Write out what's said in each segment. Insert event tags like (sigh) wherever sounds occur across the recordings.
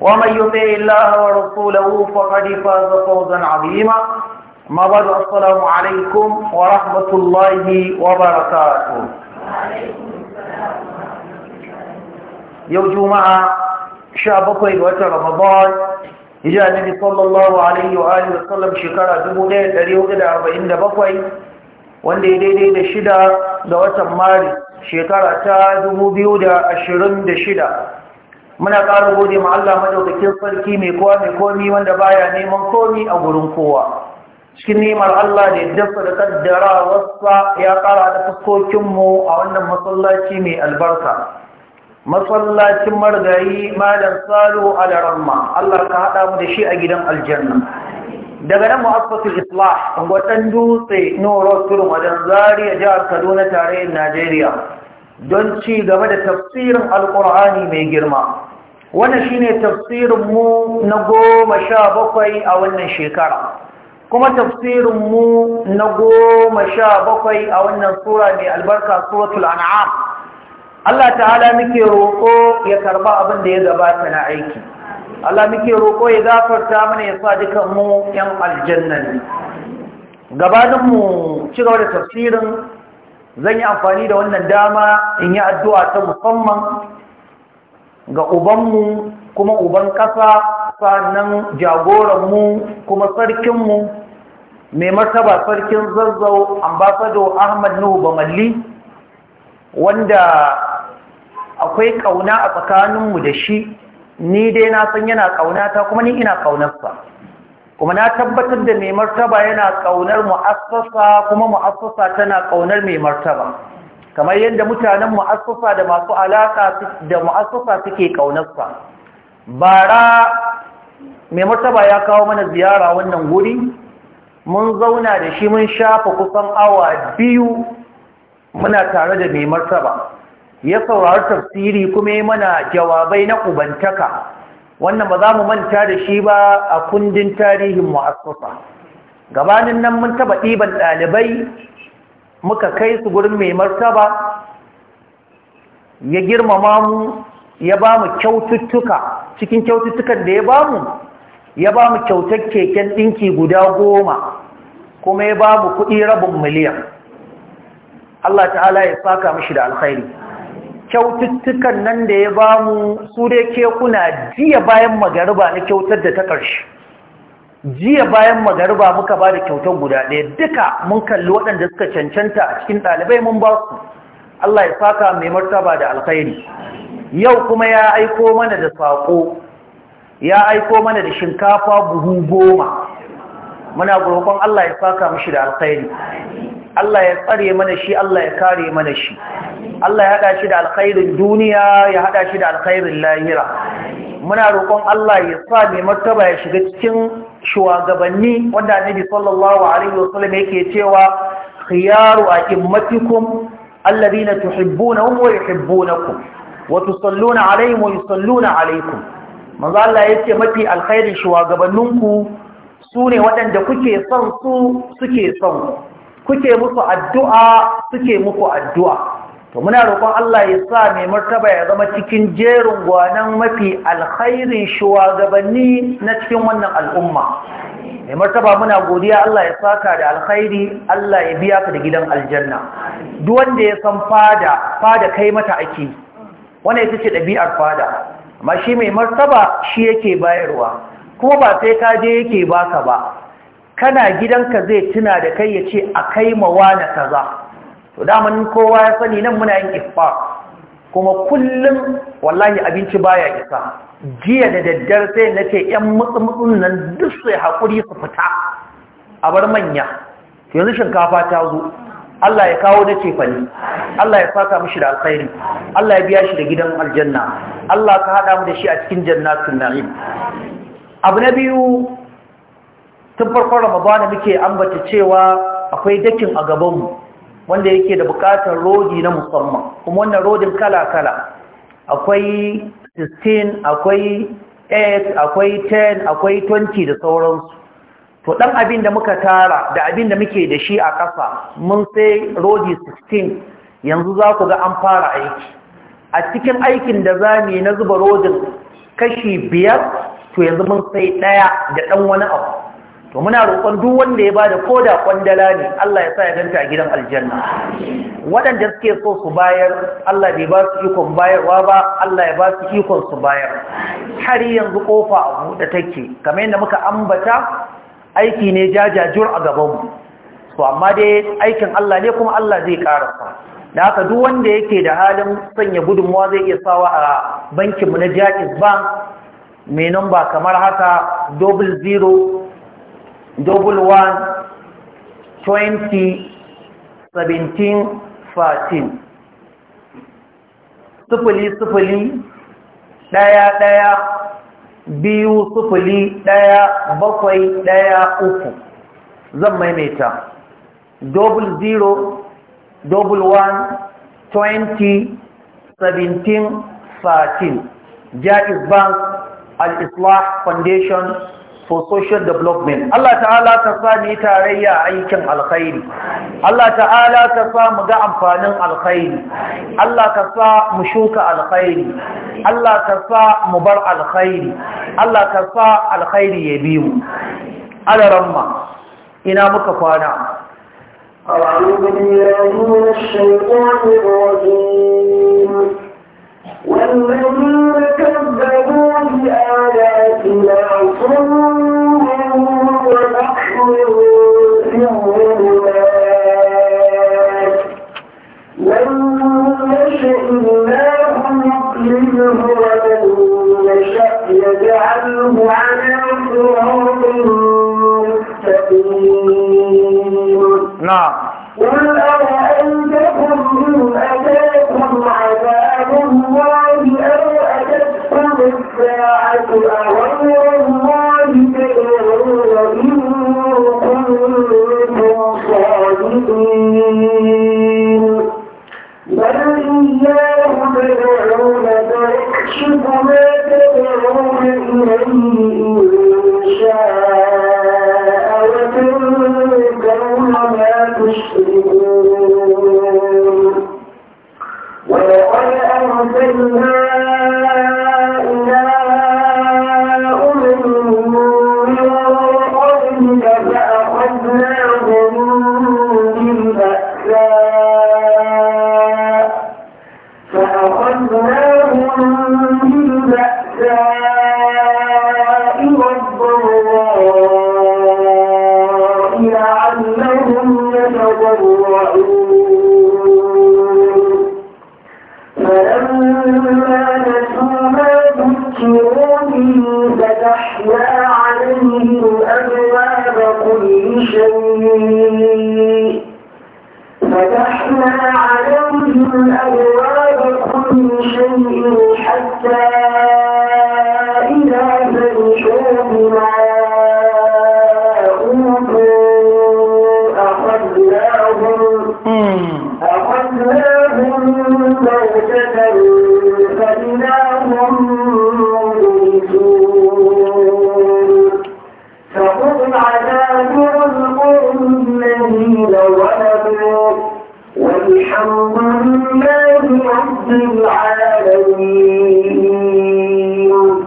ومن يطع الله ورسوله فقد فاز فوزا عظيما ما بعد السلام عليكم ورحمة الله وبركاته يوم جمعة شعبكم يقوى رمضان إجا النبي صلى الله عليه وآله وسلم شكرا دمودين دريوغ الأربعين دبقوي دي دي daidai da shida ga watan maris shekara ta 2026 muna ƙara gode ma Allah madaukakin sarki mai kowa mai komi wanda baya neman komi a gurin kowa cikin nemar Allah da yadda da kaddara wasa ya ƙara da mu a wannan masallaci mai albarka masallacin margayi malam salo Ramma, Allah ka haɗa mu da shi a gidan aljanna daga nan mu'assasul islah gwatan dutse noro turum a dan zaria jihar kaduna tarayyar najeriya don ci gaba da tafsirin Alƙur'ani mai girma wannan shine tafsirin mu na goma sha bakwai a wannan shekara kuma tafsirinmu na goma sha bakwai a wannan sura mai albarka suratul an'am Allah ta'ala muke roƙo ya karba abin da ya gabata na aiki Allah muke roƙo ya gafarta mana ya sa dukan mu yan aljannan!" gabaninmu ci gaba da tafsirin zan yi amfani da wannan dama in yi addu'a ta musamman ga ubanmu kuma uban ƙasa sannan jagoranmu kuma sarkinmu mai martaba sarkin zazzau ambasado ahmad nuhu bamalli wanda akwai ƙauna a tsakaninmu da shi ni dai na san yana ƙauna ta kuma ni ina ƙaunarsa kuma na tabbatar da mai martaba yana ƙaunar mu'assasa kuma mu'assasa tana ƙaunar mai martaba kamar yadda mutanen mu'assasa da masu alaƙa da mu'assasa suke ƙaunarsa bara mai martaba ya kawo mana ziyara wannan guri mun zauna da shi mun shafa kusan awa biyu muna tare da mai martaba ya saurari tafsiri kuma yi mana jawabai na ubantaka wannan ba za mu manta da shi ba a kundin tarihin mu'assasa gabanin nan mun taba ɗiban ɗalibai muka kai su gurin mai martaba ya girmama mu ya ba mu kyaututtuka cikin kyaututtukan da ya ba mu ya ba mu kyautar keken ɗinki guda goma kuma ya ba mu kuɗi rabin miliyan Allah ta'ala ya saka mishi da alkhairi kyaututtukan nan da ya ba mu su dai kekuna jiya bayan magariba na kyautar da ta ƙarshe jiya bayan magariba muka ba da kyautar guda ɗaya duka mun kalli waɗanda suka cancanta a cikin ɗalibai mun ba su Allah ya saka mai martaba da alkhairi yau kuma ya aiko mana da saƙo ya aiko mana da shinkafa buhu goma muna gurbin Allah ya saka mishi da alkhairi Allah ya tsare mana shi Allah ya kare mana shi Allah ya haɗa shi da alkhairin duniya ya haɗa shi da alkhairin lahira muna roƙon Allah ya sa mai martaba ya shiga cikin shugabanni wanda annabi sallallahu alaihi wasallam yake cewa khiyaru a'immatikum alladhina tuhibbunahum wa yuhibbunakum wa tusalluna alaihim wa yusalluna alaikum manzo Allah yace mafi alkhairin shugabanninku sune waɗanda kuke son su suke son kuke musu addu'a suke muku addu'a to muna roƙon Allah ya sa mai martaba ya zama cikin jerin gwanan mafi alkhairin shugabanni na cikin wannan al'umma mai martaba muna godiya Allah ya saka da alkhairi Allah ya biya ka da gidan aljanna duk wanda ya san fada fada kai mata ake wanda ya ce ɗabi'ar fada amma shi mai martaba shi yake bayarwa kuma ba sai ka je yake baka ba kana gidanka zai tuna da kai ya ce a kai mawa na kaza to daman kowa ya sani nan muna yin ifa kuma kullum wallahi abinci baya isa jiya da daddare sai na ce yan mutsumutsun nan duk sai haƙuri su fita a bar manya yanzu shinkafa ta zo Allah ya kawo da cefani Allah ya fata mishi da alkhairi Allah ya biya shi da gidan aljanna Allah ka haɗa mu da shi a cikin jannatin na'im abu na biyu tun farkon ramadana muke ambata cewa akwai dakin a gaban mu. wanda yake da bukatar rodi na musamman kuma wannan rodin kala-kala akwai 16 akwai 8 akwai 10 akwai 20 da sauransu to dan abin da muka tara da abin da muke da shi a ƙasa mun sai rodi 16 yanzu za ku ga an fara aiki a cikin aikin da za mu yi na zuba rodin kashi biyar to yanzu mun sai ɗaya da ɗan wani abu to muna roƙon duk wanda ya bada koda kwandala ne Allah ya sa ya ganta a gidan aljanna waɗanda suke so su bayar Allah bai ba su ikon bayarwa ba Allah ya ba su ikon su bayar har yanzu kofa a buɗe take kamar yadda muka ambata aiki ne jajajur a gaban mu to amma dai aikin Allah ne kuma Allah zai karasa da haka duk wanda yake da halin sanya gudunmuwa zai iya sawa a bankin mu na Jaiz Bank mai namba kamar haka 00 double one twenty seventeen fourteen sufuli sufuli ɗaya ɗaya biyu sufuli ɗaya bakwai ɗaya uku zan maimaita double zero double one twenty seventeen fourteen jaiz bank al-islah foundation for social development Allah ta'ala ka sa ni tarayya aikin alkhairi Allah ta'ala ka sa mu ga amfanin alkhairi Allah ka sa mu shuka alkhairi Allah ka sa mu bar alkhairi Allah ka sa alkhairi ya bi mu ramma. ina muka kwana أعوذ بالله من الشيطان الرجيم والذين كذبوا بآياتنا صم ونحن في الظلمات من يشأ الله يضلله ومن يجعله على صراط مستقيم نعم Thank you.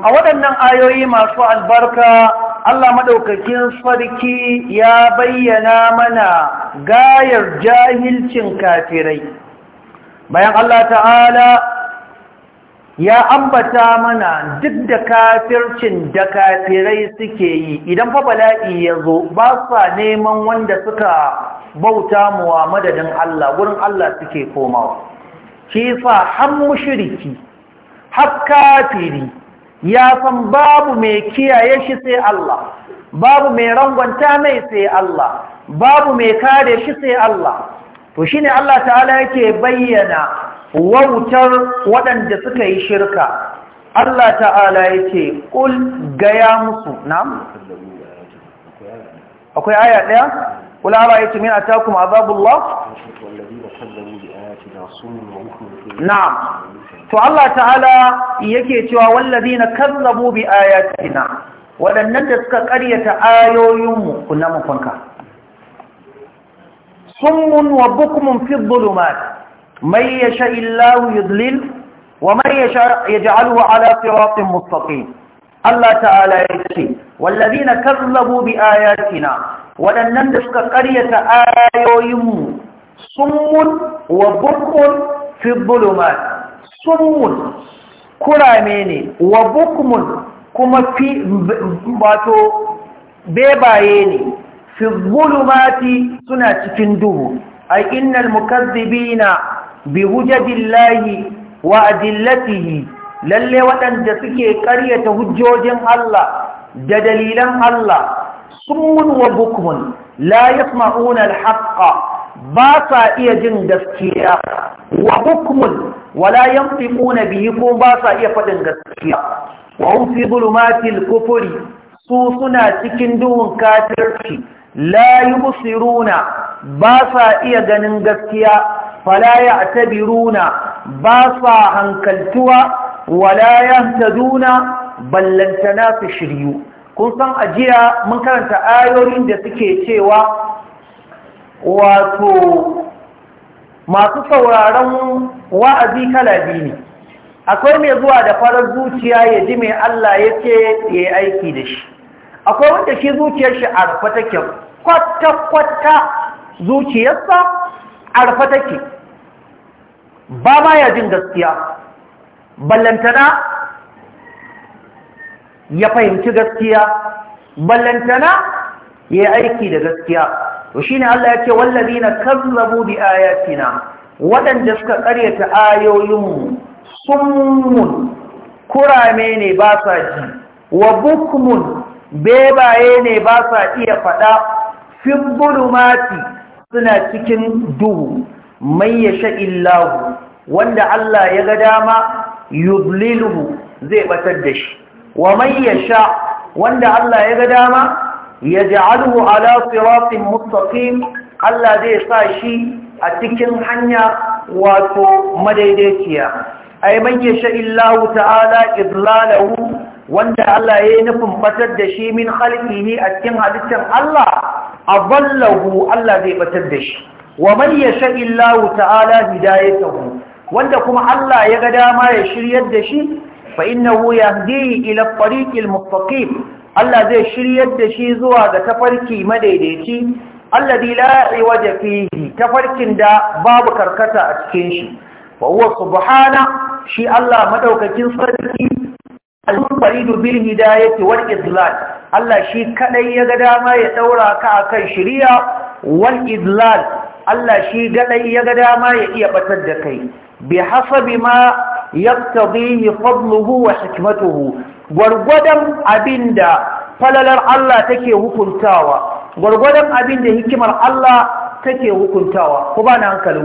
a waɗannan ayoyi masu albarka Allah maɗaukakin sarki ya bayyana mana gayar jahilcin kafirai bayan Allah ta'ala ya ambata mana duk da kafircin da kafirai suke yi idan fa bala'i ya zo ba sa neman wanda suka bauta muwa madadin Allah wurin Allah suke komawa shi sa har mushriki har kafiri ya san babu mai kiyaye shi sai Allah babu mai rangwanta mai sai Allah babu mai kare shi sai Allah to shine Allah ta'ala yake bayyana wautar waɗanda suka yi shirka Allah ta'ala yake kul gaya musu na'am akwai aya ɗaya kul ara yake min atakum azabullah na'am to Allah ta'ala yake cewa wallazina kazzabu bi ayatina wadannan da suka ƙaryata ayoyinmu kunna mafanka summun wa bukmun fi dhulumat may yasha illahu yudlil wa may yasha yaj'aluhu ala siratin mustaqim Allah ta'ala yake wallazina kazzabu bi ayatina wadannan da suka ƙaryata ayoyinmu summun wa bukmun fi dhulumat summun kurame ne wa bukmun kuma fi wato bebaye ne fi zulumati suna cikin duhu a innal mukazzibina bi hujjatillahi wa adillatihi lalle waɗanda suke ƙaryata hujjojin Allah da dalilan Allah summun wa bukmun la yasma'una al-haqqa ba sa iya jin gaskiya wa hukmun wala yantiquna bihi ko ba sa iya faɗin gaskiya wa hum fi zulumatil kufri su suna cikin duhun kafirci la yubsiruna ba sa iya ganin gaskiya fala ya'tabiruna ba sa hankaltuwa wala yahtaduna ballantana su shiryu kun san ajiya mun karanta ayoyin da suke cewa wato masu sauraron wa'azi kala biyu ne akwai mai zuwa da farar zuciya ya ji mai Allah ya ce ya yi aiki da shi akwai wanda shi zuciyar shi a rufe take kwata-kwata zuciyarsa a rufe take ba ma ya jin gaskiya ballantana ya fahimci gaskiya ballantana ya yi aiki da gaskiya to shine Allah ya ce na kazzabu bi ayatina waɗanda suka ƙaryata ayoyinmu summun kurame ne ba sa ji wa bukmun bebaye ne ba sa iya faɗa fibbulumati suna cikin duhu mai yasha illahu wanda Allah ya ga dama yudliluhu zai batar da shi wa mai sha wanda Allah ya ga dama yaj'aluhu ala siratin mustaqim Allah zai sa shi a cikin hanya wato madaidaiciya ya man yasha illahu ta'ala idlalahu wanda Allah yayi nufin batar da shi min khalqihi a cikin halittar Allah ballahu Allah zai fatar da shi wa man ya illahu ta'ala hidayatahu wanda kuma Allah ya ga dama ya shiryar da shi fa innahu yahdihi ila tariqil mustaqim Allah zai shiryar da shi zuwa ga tafarki madaidaici alladhi la iwaja fihi tafarkin da babu karkata a cikin shi wa huwa subhana shi Allah madaukakin sarki al-faridu bil hidayati wal idlal Allah shi kadai ya ga dama ya daura ka akan shiriya wal idlal Allah shi kadai ya ga dama ya iya batar da kai bi hasabi ma yaqtadihi fadluhu wa hikmatuhu gwargwadon abinda falalar Allah take hukuntawa gwargwadon abin da hikimar Allah take hukuntawa ku ba na hankali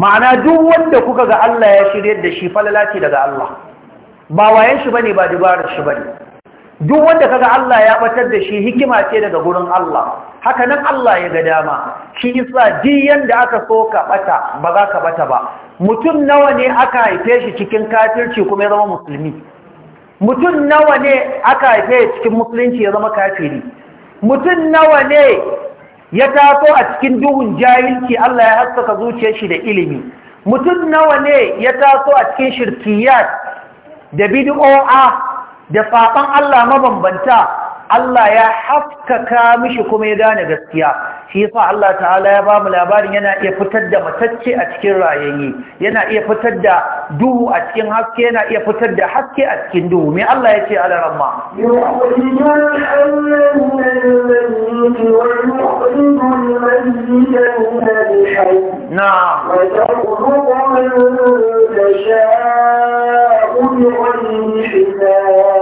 ma'ana duk wanda kuka ga Allah ya shirye da shi falala ce daga Allah ba wayan shi bane ba dubarar shi bane duk wanda kaga Allah ya batar da shi hikima ce daga gurin Allah haka nan Allah ya ga dama shi yasa duk yanda aka so ka bata ba za ka bata ba mutum nawa ne aka haife shi cikin kafirci kuma ya zama musulmi mutum nawa ne aka haife cikin musulunci ya zama kafiri mutum nawa ne ya taso a cikin duhun jahilci Allah ya haskaka zuciyar shi da ilimi mutum nawa ne ya taso a cikin shirkiyat da bid'o'a da saban Allah mabambanta Allah ya haskaka kawo mishi kuma ya gane gaskiya shi yasa Allah ta'ala ya ba mu labarin yana iya fitar da matacce a cikin rayayi yana iya fitar da duhu a cikin haske yana iya fitar da haske a cikin duhu me Allah ya ce ala ramma na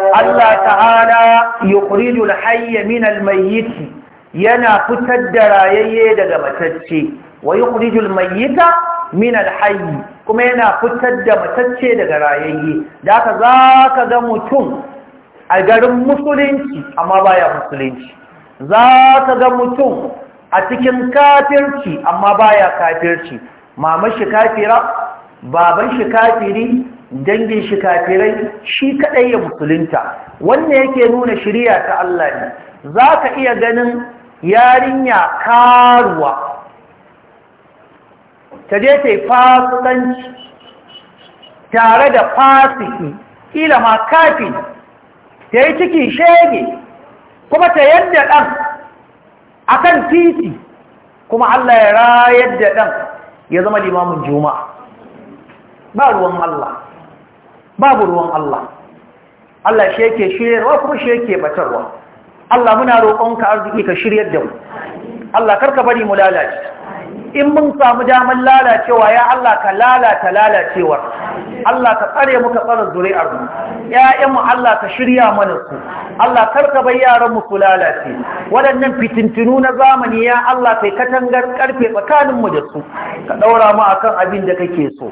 Allah ta'ala yukhrijul hayya min al mayyiti yana fitar da rayayye daga matacce wa yukhrijul mayyita min alhayy kuma yana fitar da matacce daga rayayye da haka zaka ga mutum a garin musulunci amma baya musulunci zaka ga mutum a cikin kafirci amma baya kafirci mama shi kafira baban shi kafiri dangin shi kafirai shi kadai ya musulunta wannan yake nuna shari'a ta Allah ne za ka iya ganin yarinya karuwa ta je ta yi fasikanci tare da fasiki kila ma kafi ta yi ciki shege kuma ta yadda ɗan a kan titi kuma Allah ya rayar da ɗan ya zama limamin juma'a ba ruwan Allah babu ruwan Allah Allah shi yake shirarwa kuma shi yake batarwa Allah muna roƙonka arziki ka shiryar da mu Allah karka bari mu lalace in mun samu damar lalacewa ya Allah ka lalata lalacewar Allah ka tsare mu ka tsare zuri'ar mu ƴaƴan mu Allah ka shirya mana su Allah karka bar yaran mu su lalace waɗannan fitintunu na zamani ya Allah kai katangar karfe tsakanin mu da su ka daura mu akan abin da kake so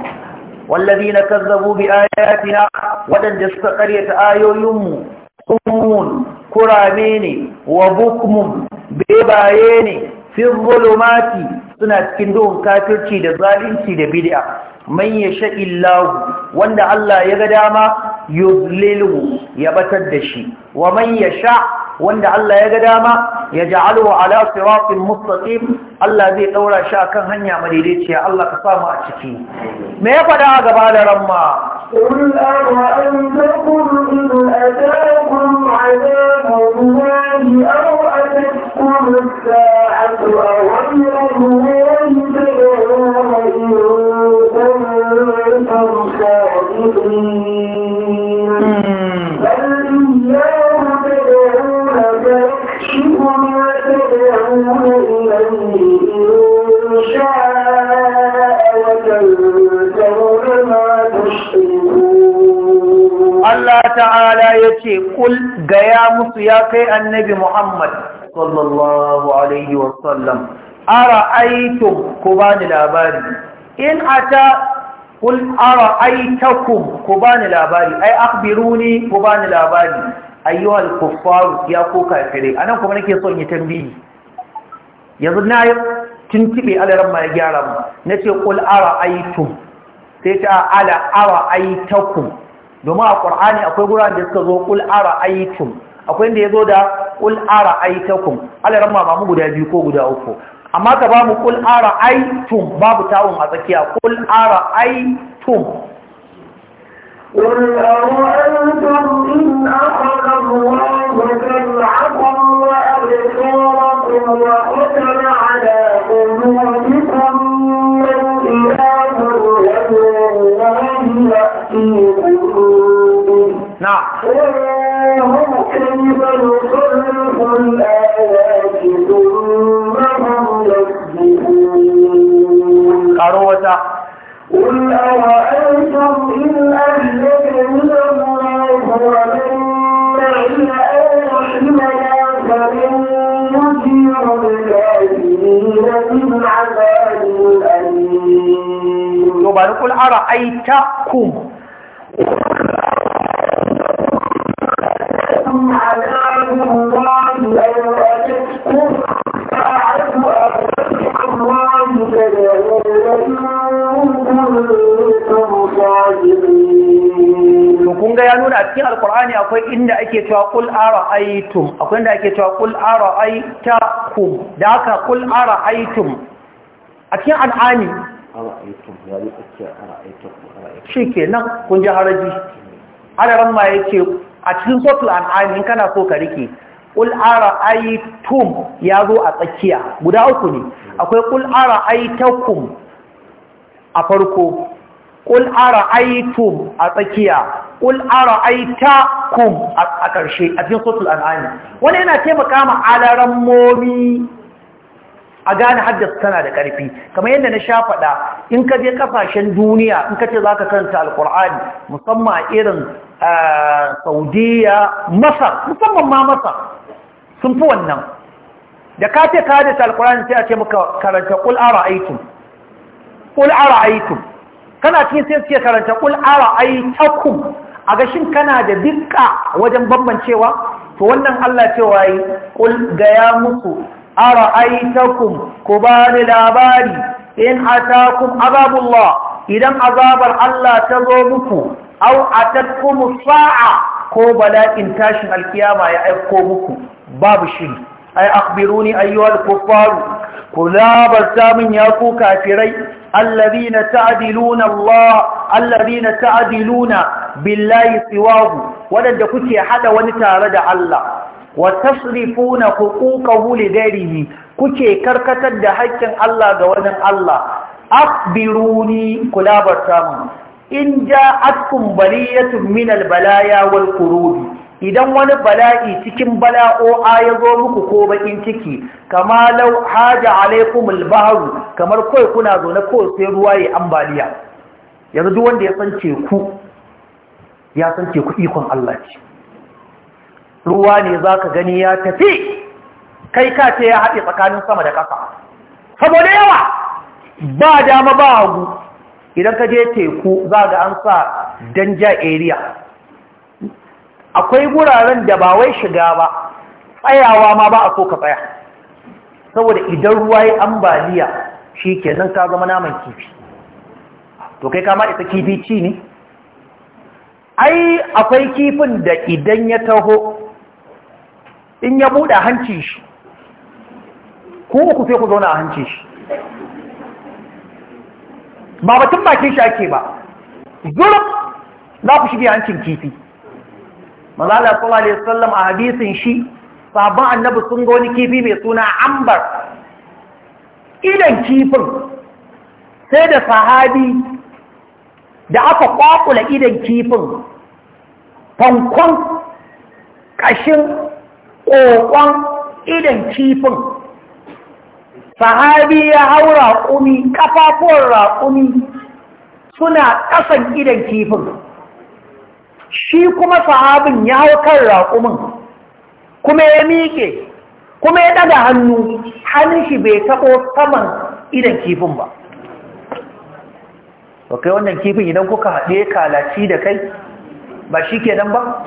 والذين كذبوا بآياتنا ودن جسد قرية آيو يمو kumun kurame ne wa bukmun bebaye ne fi zulumati suna cikin duhun kafirci da zalunci da bid'a man yasha illahu wanda Allah ya ga dama yudlilhu ya batar da shi wa man yasha wanda Allah ya ga dama ya ja'alhu ala siratin mustaqim Allah zai daura shi akan hanya madaidaiciya Allah ka samu a ciki me ya faɗa a gaba da ramma قل أرأيتكم إن أتاكم عذاب الله أو أتتكم الساعة أغير الله تدعون إن ya ce kul gaya musu ya kai annabi muhammad sallallahu alaihi wasallam ara aitum ku ni labari in ata kul ara aitakum ku ni labari ai akhbiruni ku bani labari ayyuhal kuffaru ya ku kafirai anan kuma nake son yi tambayi yanzu na tuntube alaran ma ya gyara mu nace kul ara aitum sai ta ala ara aitakum domin a ƙur'ani akwai guran da suka zo ƙul'ara ara akwai inda ya zo da kul ara aitakum alaran mamamu guda biyu ko guda uku amma ka babu kul ara aikin babu tawun a tsakiya kul ara aitum قل أرأيتم نعم هم كيف نصرف الآيات ثم هم يكذبون قروة قل أرأيتم إن أهلكني الله ومن معي أو رحمنا يجير الكافرين من عذاب أليم يبارك الأرأيتكم لهم ya nuna cikin alkur'ani akwai inda ake cewa kul aitum, akwai inda ake cewa kul ara'aytakum da aka kul aitum a cikin al'ani shi ke nan kun ji haraji adaran ma ya ce a cikin suratul an'am in kana so ka rike ayi tum ya zo a tsakiya guda uku ne akwai qul kum a farko ayi tum a tsakiya qul kum a ƙarshe a cikin suratul an'am wani yana taimaka ma alaran momi a gane haddasa tana da ƙarfi kamar yadda na sha faɗa in ka je ƙasashen duniya in ka ce za ka karanta alƙur'ani musamman irin saudiya masar musamman ma masar sun fi wannan da ka ce ka haddasa alƙur'ani sai a ce maka karanta ƙul'ara aikin ƙul aikin kana cikin sai suke karanta ƙul'ara ara a gashin kana da dukka wajen bambancewa to wannan Allah cewa yi ƙul gaya musu ara'aitakum ku bani labari in atakum azabullah idan azabar Allah ta zo muku au atatkum sa'a ko bala'in tashin alkiyama ya aiko muku babu shi. ai akhbiruni ayyuhal kuffar ku labarta ya ku kafirai allazina ta'diluna Allah allazina ta'diluna billahi siwahu wadanda kuke hada wani tare da Allah wa tasrifuna huquqahu li ghairihi kuke karkatar da haƙƙin Allah ga wani Allah akbiruni kulabar samu in ja'atkum baliyatun min albalaya wal qurubi idan wani bala'i cikin bala'o ya zo muku ko bakin ciki kama law haja alaykum albahr kamar kawai kuna zaune ko sai ruwa ya ambaliya yanzu wanda ya san ku ya san ku ikon Allah ce ruwa ne za ka gani ya tafi kai ka ce ya haɗe tsakanin sama da ƙasa saboda yawa ba dama ba hagu idan ka je teku za ga an sa danja area akwai guraren da ba wai shiga ba tsayawa ma ba a so ka tsaya saboda idan ruwa yi ambaliya shi ke nan ka zama naman kifi to kai kama isa kifi ci ne ai akwai kifin da idan ya taho in ya buɗe hanci shi ku sai ku zauna a hanci shi ba batun bakin shi ake ba zulub za ku shige hancin kifi mazala sallallahu alaihi wasallam a hadisin shi sabon annabi sun ga wani kifi mai suna ambar idan kifin sai da sahabi da aka kwakula idan kifin fankon ƙashin ƙoƙon idan kifin sahabi ya hau raƙumi ƙafafuwan raƙumi suna ƙasan idan kifin shi kuma sahabin ya hau kan raƙumin kuma ya miƙe kuma ya ɗaga hannu hannun shi bai taɓo saman idan kifin ba ba kai wannan kifin idan kuka haɗe kalaci da kai ba shi ke nan ba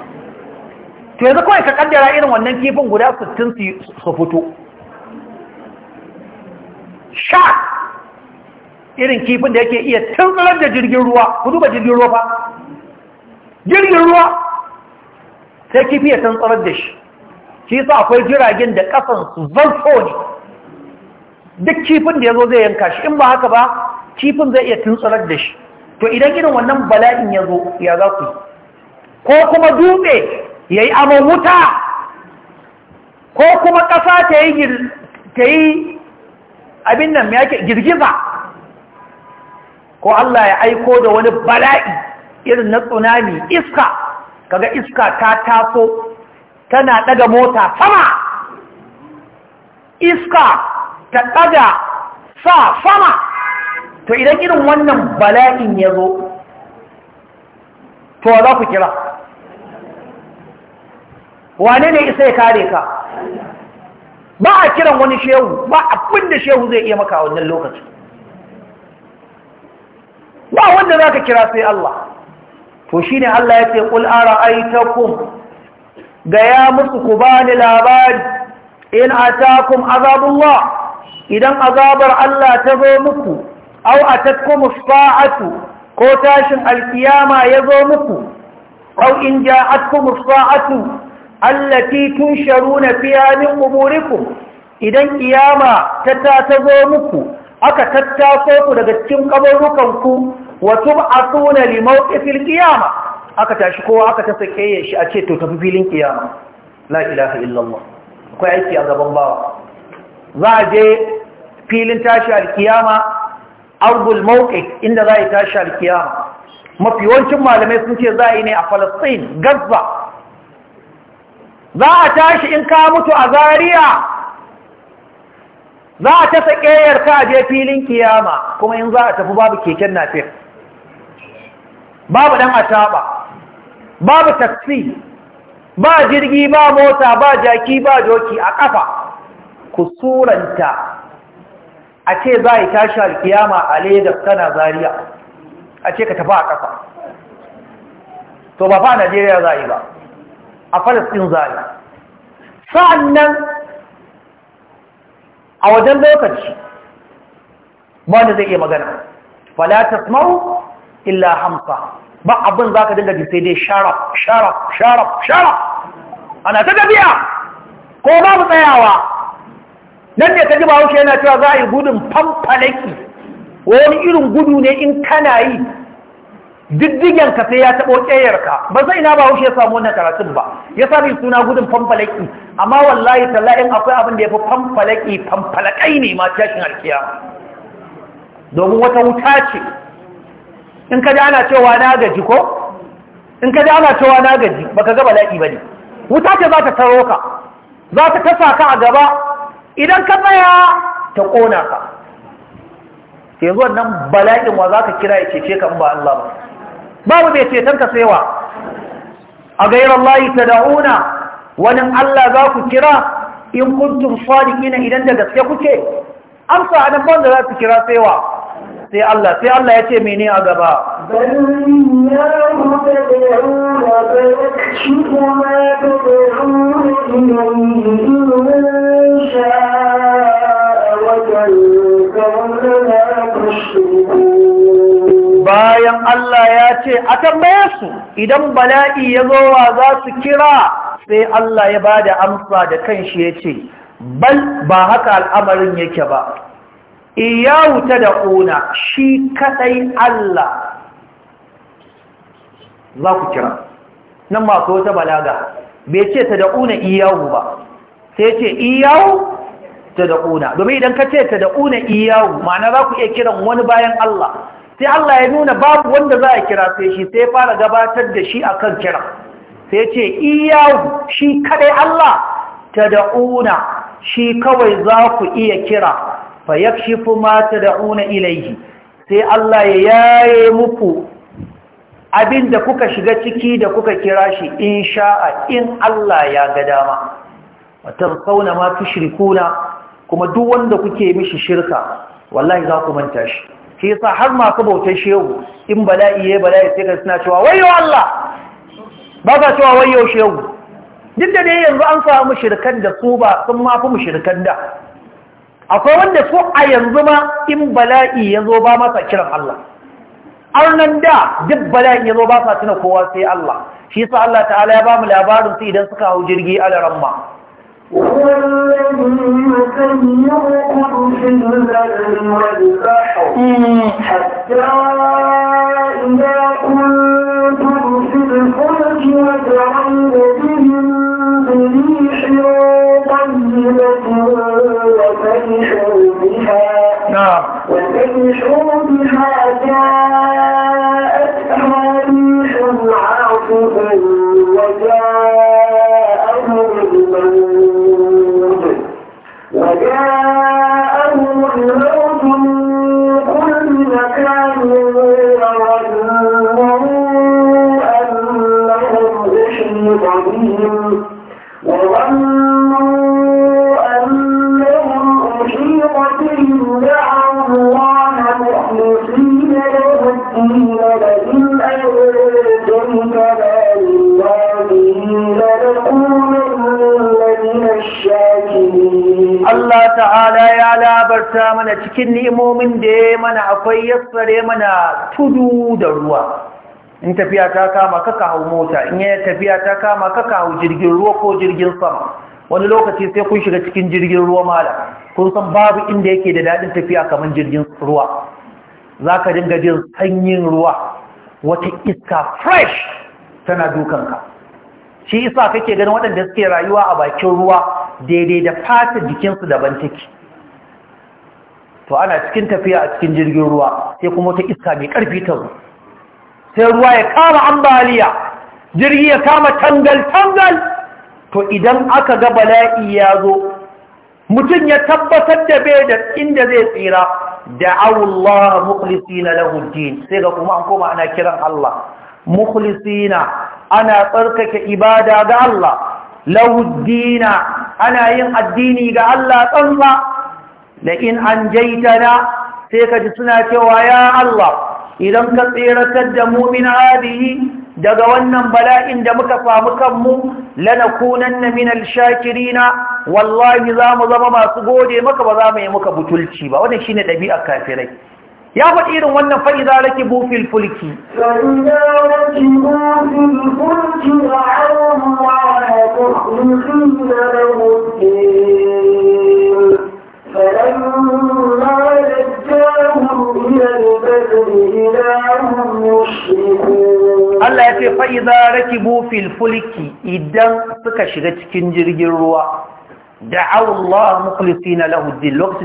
to yanzu kawai ka kaddara irin wannan kifin guda 60 su fito sha irin kifin da yake iya tunzurar da jirgin ruwa ku duba jirgin ruwa ba jirgin ruwa sai kifi ya tunzurar da shi shi sa akwai jiragen da su zarto ne duk kifin da ya zo zai yanka shi in ba haka ba kifin zai iya tunzurar da shi to idan irin wannan bala'in ya zo ya za ku ko kuma dutse ya yi abin wuta ko kuma ƙasa ta yi abin nan ya girgiza ko Allah ya aiko da wani bala'i irin na tsunami iska kaga iska ta taso tana ɗaga mota sama iska ta ɗaga sa sama to idan irin wannan bala'in ya zo to za ku kira wane ne isa ya kare ka ba a kiran wani shehu ba abin da shehu zai iya maka a wannan lokaci ba wanda za ka kira sai Allah to shi ne Allah ya ce ƙul ara aitakun ga ya musu ku bani labari in a takun idan azabar Allah ta zo muku au a takkumu sa'atu ko tashin alkiyama ya zo muku au in ja'atkumu sa'atu allati tunsharuna fiha min quburikum idan kiyama ta ta zo muku aka tattaso ku daga cikin kaburukan ku wa tub'atuna li mawqifil qiyama aka tashi kowa aka ta sake shi a ce to tafi filin kiyama la ilaha illallah akwai aiki a gaban bawa za a je filin tashi alkiyama argul mawqif inda za a yi tashi alkiyama mafi yawancin malamai sun ce za a yi ne a Falastin Gaza za a tashi in ka mutu a zariya za a ta ƙeyar ka je filin kiyama kuma in za a tafi babu keken nafi babu ɗan ataɓa babu taksi ba jirgi ba mota ba jaki ba doki a ƙafa. ku suranta a ce za a yi tashi alkiyama a Legas kana zariya a ce ka tafi a ƙafa. to ba fa Najeriya za a yi ba a falastin zai sa'annan a wajen lokaci wanda zai iya magana falatas mau illa hamsa ba abin za ka dinga ji sai dai sharaf sharaf sharaf sharaf ana ta tafiya ko babu tsayawa nan ne ka ji bahaushe yana cewa za a yi gudun famfalaki wani irin gudu ne in kana yi diddigen ka sai ya taɓo ƙeyarka ba sai ina ba haushe ya samu wannan karatun ba ya sami suna gudun fanfalaki amma wallahi talla'in akwai abin da ya fi fanfalaki fanfalakai ne ma tashin alkiya domin wata wuta ce in ka ji ana cewa na gaji ko in ka ji ana cewa na gaji baka ga bala'i ba ne wuta ce za ta taro ka za ta tasa ka a gaba idan ka tsaya ta ƙona ka yanzu wannan bala'in wa za ka kira ya cece ka ba Allah ba babu mai ceton ka saiwa a gairar Allah ta da'una wani Allah za ku kira in kuntum sadiqina idan da gaske kuke amsa adam ban da za ku kira saiwa sai Allah sai Allah ya ce mene a gaba Thank you. bayan Allah ya ce a tambaye su idan bala'i ya zo wa za su kira sai Allah ya ba da amsa da kanshi ya ce bal ba haka al'amarin yake ba iyawu ta da ƙuna shi kaɗai Allah za ku kira nan masu wata balaga bai ce ta da ƙuna iyawu ba sai ce iyawu ta da ƙuna domin idan ka ce ta da ƙuna iyawu ma'ana za ku iya kiran wani bayan Allah sai Allah ya nuna babu wanda za a kira sai shi sai fara gabatar da shi akan kira sai ce iyahu shi kaɗai Allah da'una shi kawai za ku iya kira fa kuma ta da'una ilayhi sai Allah ya yaye muku abin da kuka shiga ciki da kuka kira shi in sha'a in Allah ya ga dama wata sauna ma fi shirkuna kuma duk wanda kuke mishi shirka wallahi za ku manta shi shi yasa har masu bautar shehu in bala'i ya bala'i sai ka suna cewa wayo Allah ba ka cewa wayo shehu duk da dai yanzu an samu shirkan da su ba sun mafi mu shirkan da akwai wanda su a yanzu ma in bala'i ya zo ba masa kiran Allah arnan da duk bala'in ya zo ba sa tuna kowa sai Allah shi yasa Allah ta'ala ya ba mu labarin su idan suka hau jirgi alaramma هو نعم. الذي يسيركم في والبحر حتى إذا كنتم في الفلك وجعلنا بهم بريح طيبة وفرحوا بها وفرحوا بها جاء عليهم وظنوا أنهم أحيط بهم دعوا الله مخلصين له الدين لئن أنجيتنا من هذه Allah ta'ala ya labarta mana cikin ni'imomin da ya mana akwai yassare mana tudu da ruwa in tafiya ta kama ka ka hau mota in yaya tafiya ta kama ka ka hau jirgin ruwa ko jirgin sama wani lokaci sai kun shiga cikin jirgin ruwa mala kun san babu inda yake da daɗin tafiya kamar jirgin ruwa za ka dinga jin sanyin ruwa wata iska fresh tana dukanka shi isa kake ganin waɗanda suke rayuwa a bakin ruwa daidai da fata jikinsu daban take to ana cikin tafiya a cikin jirgin ruwa sai kuma wata iska mai ƙarfi ta zuwa sai ruwa ya kama ambaliya jirgi ya kama tangal-tangal to idan aka ga bala'i ya zo mutum ya tabbatar da bai da inda zai tsira da Allah mukhlisina lahu sai ga kuma an koma ana kiran Allah muklisina ana tsarkake ibada ga Allah Lahuddina ana yin addini ga Allah tsantsa Da in an anjaytana sai ka ji suna cewa ya Allah idan ka tseratar da mu min hadihi daga wannan bala'in da muka samu kanmu lanakunanna min alshakirina wallahi za mu zama masu gode maka ba za mu yi muka butulci ba wannan shine ɗabi'ar kafirai ya faɗi irin wannan faɗi za rake bufil fulki فلما allah ya ce هم يشركون الله يتي فإذا ركبوا في الفلك إذن سكشغت كنجرج الروا دعوا الله مخلصين له الدين لوقت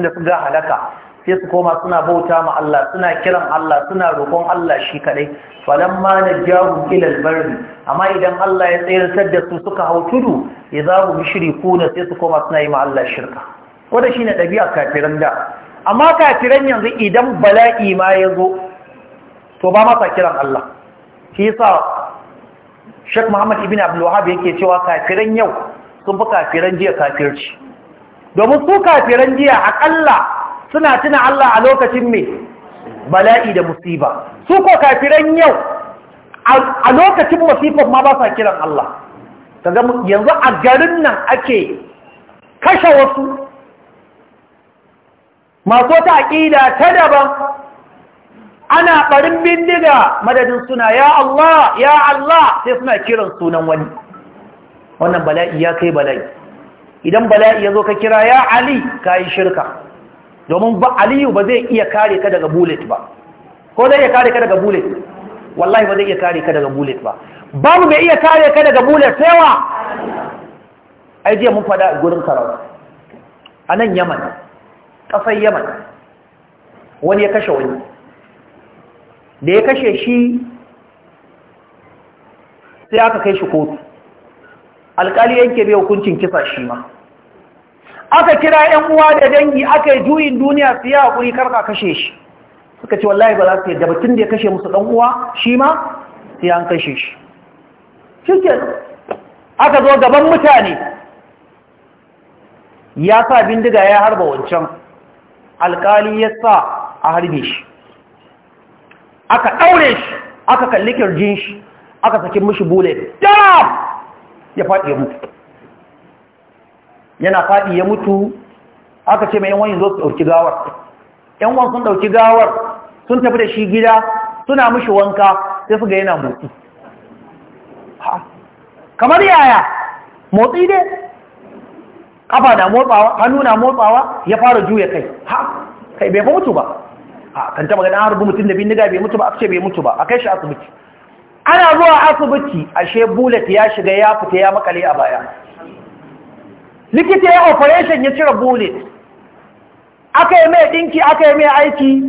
sai su koma suna bauta ma Allah suna kiran Allah suna roƙon Allah shi kadai na najahum gilal albarri amma idan Allah ya tsayar da su suka hau tudu idza hum kuna sai su koma suna yi ma Allah shirka wanda shine ɗabi'a kafiran da amma kafiran yanzu idan bala'i ma ya zo to ba masa kiran Allah shi yasa Sheikh Muhammad Ibn Abdul Wahhab yake cewa kafiran yau sun fi kafiran jiya kafirci domin su kafiran jiya akalla suna tuna Allah a lokacin me bala'i da musiba su ko kafiran yau a lokacin musibar ma ba sa kiran Allah kaga yanzu a garin nan ake kashe wasu masu ta aƙida ta daban ana ɓarin bindiga madadin suna ya Allah ya Allah sai suna kiran sunan wani wannan bala'i ya kai bala'i idan bala'i ya zo ka kira ya Ali ka yi shirka domin ba Aliyu ba zai iya kare ka daga bullet ba ko zai iya kare ka daga bullet wallahi ba zai iya kare ka daga bullet ba babu mai iya kare ka daga bullet sai wa ai jiya mun faɗa gurin karatu a nan Yaman ƙasar yaman wani ya kashe wani da ya kashe shi sai aka kai shi kotu alƙali yanke bai hukuncin kisa shi ma aka kira ‘yan uwa da dangi aka yi juyin duniya su yi haƙuri karka kashe shi suka ce wallahi ba za su yadda dabatun da ya kashe musu ɗan uwa shi ma sai an kashe shi cikin aka zo gaban mutane ya sa bindiga ya harba wancan alkali ya sa a harbe shi aka ɗaure shi aka kalli kirjin shi aka saki mishi bule dam ya faɗi ya mutu yana faɗi ya mutu aka ce mai yan wani zo su ɗauki gawar yan wani sun ɗauki gawar sun tafi da shi gida suna mishi wanka sai su ga yana motsi kamar yaya motsi dai kafa na motsawa hannu na motsawa ya fara juya kai ha kai bai mutu ba a kan ta An harbi mutum da bindiga bai mutu ba Ake ce bai mutu ba a kai shi asibiti ana zuwa asibiti ashe bullet ya shiga ya fita ya makale a baya likita ya operation ya cire bullet aka yi mai dinki aka yi mai aiki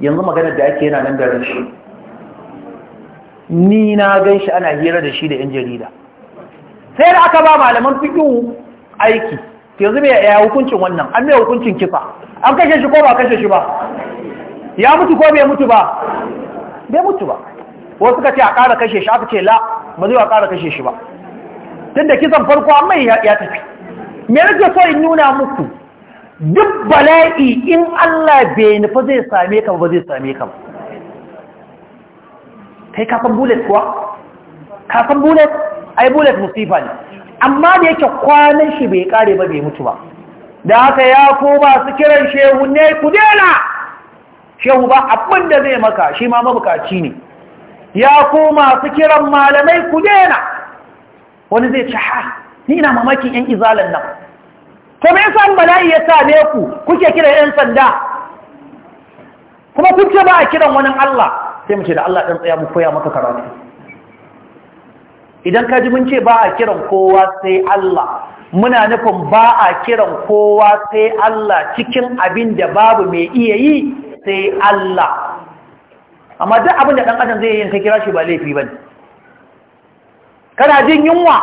yanzu maganar da ake yana nan da rashi ni na gan shi ana hira da shi da 'yan jarida sai da aka ba malaman fiqhu aiki yanzu me ya hukuncin wannan an me hukuncin kisa an kashe shi ko ba kashe shi ba ya mutu ko bai mutu ba bai mutu ba wasu suka ce a ƙara kashe shi aka ce la ba zai a ƙara kashe shi ba tunda kisan farko an mai ya tafi me nake so in nuna muku duk bala'i in Allah bai nufa zai same ka ba zai same ka kai ka san bullet kuwa ka san bullet ai bullet musifa ne amma da yake kwanan shi bai kare ba bai mutu ba da haka ya ko ba su kiran shehu ne ku dena shehu ba abin da zai maka shi ma mabukaci ne ya ko masu kiran malamai ku dena wani zai ci ha ni na mamakin yan izalan nan to me yasa bala'i ya same ku kuke kiran yan sanda kuma kuke ba a kiran wani Allah sai mu ce da Allah dan tsaya mu koya maka karatu idan ka ji mun ce ba a kiran kowa sai Allah muna nufin ba a kiran kowa sai Allah cikin abin da babu mai iya yi sai Allah amma duk abin da ɗan adam zai yi ka kira shi ba laifi ba ne kana jin yunwa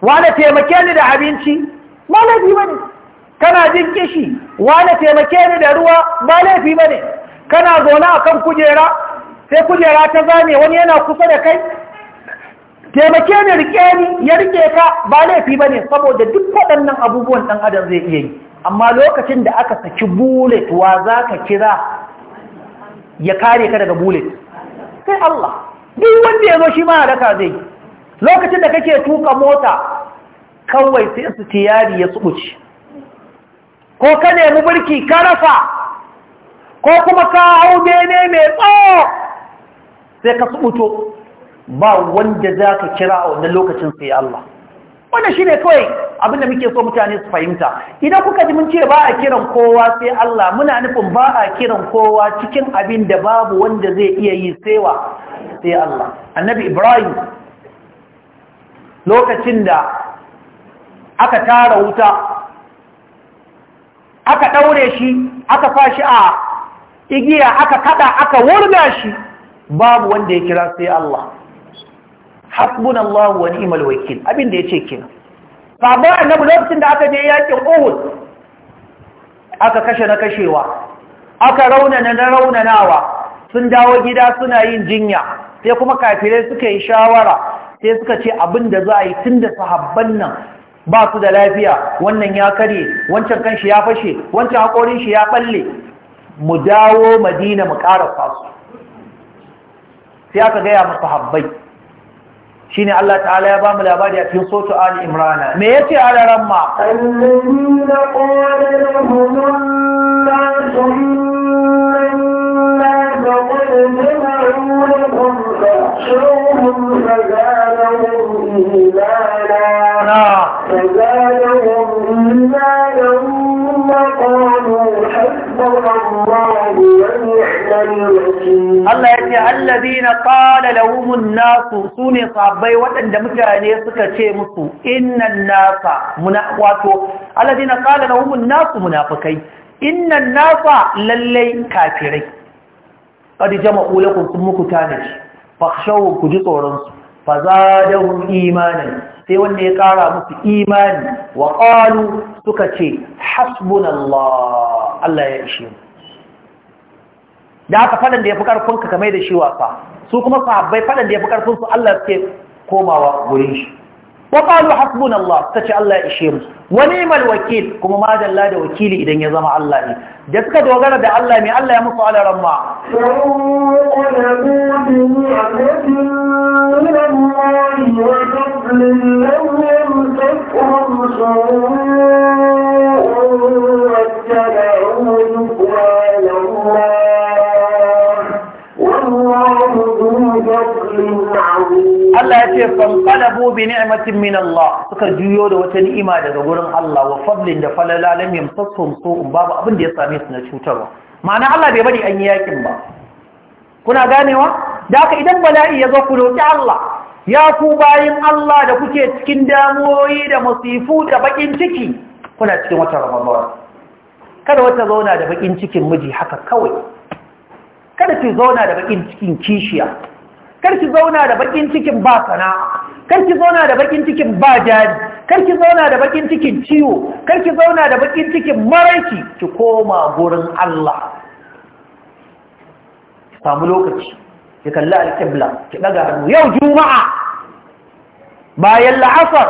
wane taimake ni da abinci ba laifi ba ne kana jin kishi wane taimake ni da ruwa ba laifi ba ne kana zaune a kan kujera sai kujera ta zame wani yana kusa da kai taimake ni rike ni ya rike ka ba laifi bane saboda duk waɗannan abubuwan ɗan adam zai iya yi amma lokacin da aka saki bullet wa zaka kira ya kare ka daga bullet sai Allah duk wanda ya zo shi ma raka zai lokacin da kake tuka mota kawai sai su tiyari ya tsubuce ko ka nemi birki ka rasa ko kuma ka hau bene mai tsawo sai ka tsubuto ba wanda za ka kira a wannan lokacin sai Allah Wanda shi ne kawai abinda muke so mutane su fahimta idan kuka ji mun ce ba a kiran kowa sai Allah muna nufin ba a kiran kowa cikin abin da babu wanda zai iya yi saiwa sai Allah annabi Ibrahim lokacin da aka tara wuta aka ɗaure shi aka fashi a igiya aka kada aka wurga shi babu wanda ya kira sai Allah hasbunallahu wani imal wakil abin da ce kenan babban annabi lokacin da aka je yakin Uhud aka kashe na kashewa aka raunana na raunanawa sun dawo gida suna yin jinya sai kuma kafirai suka yi shawara sai suka ce abin da za a yi tunda sahabban nan ba su da lafiya wannan ya karye wancan kanshi ya fashe wancan hakorin shi ya ɓalle mu dawo madina mu ƙara fasu sai aka gaya masu habbai shine Allah ta'ala ya bamu labari a cikin sotu Ali Imrana me yace ala ramma annabiyina qala lahum la tu'minna la tu'minna lahum fa'shuhum fa'alahum imana fa'alahum imana Allah ya ce allazi na ƙala lahumun nasu su ne sabai waɗanda mutane suka ce musu innan nasa wato allazi na ƙala lahumun nasu munafukai innan nasa lallai kafirai ƙadi jama'u lakun sun muku tanashi fahshawun ku ji tsoronsu fa za da hun imanin sai wanda ya ƙara musu imani wa ƙalu suka ce hasbunallah Allah ya ishe mu da haka faɗin da ya fi ƙarfinka kamar da shi wasa su kuma sahabbai faɗin da ya fi ƙarfinsu Allah suke komawa gurin shi وقالوا حسبنا الله تتى الله يشير ونعم الوكيل كما ما جاء الله وكيل إذا يزمع الله da suka dogara da Allah mai Allah ya musu alaran ba. Sa'urin ya ce fanqalabu bi ni'matin min Allah suka juyo da wata ni'ima daga gurin Allah wa fadlin da falala lam yamsasuhum su'un babu abin da ya same su na cutarwa ma'ana Allah bai bari an yi yakin ba kuna ganewa da haka idan bala'i ya zo ku roki Allah ya ku bayin Allah da kuke cikin damuwoyi da masifu da bakin ciki kuna cikin wata Ramadan kada wata zauna da bakin cikin miji haka kawai kada ki zauna da bakin cikin kishiya kar ki zauna da bakin cikin ba sana kar ki zauna da bakin cikin ba jari kar ki zauna da bakin cikin ciwo kar ki zauna da bakin cikin maraiki ki koma gurin Allah samu lokaci ki kalli alƙibla ki daga hannu yau juma'a bayan la'asar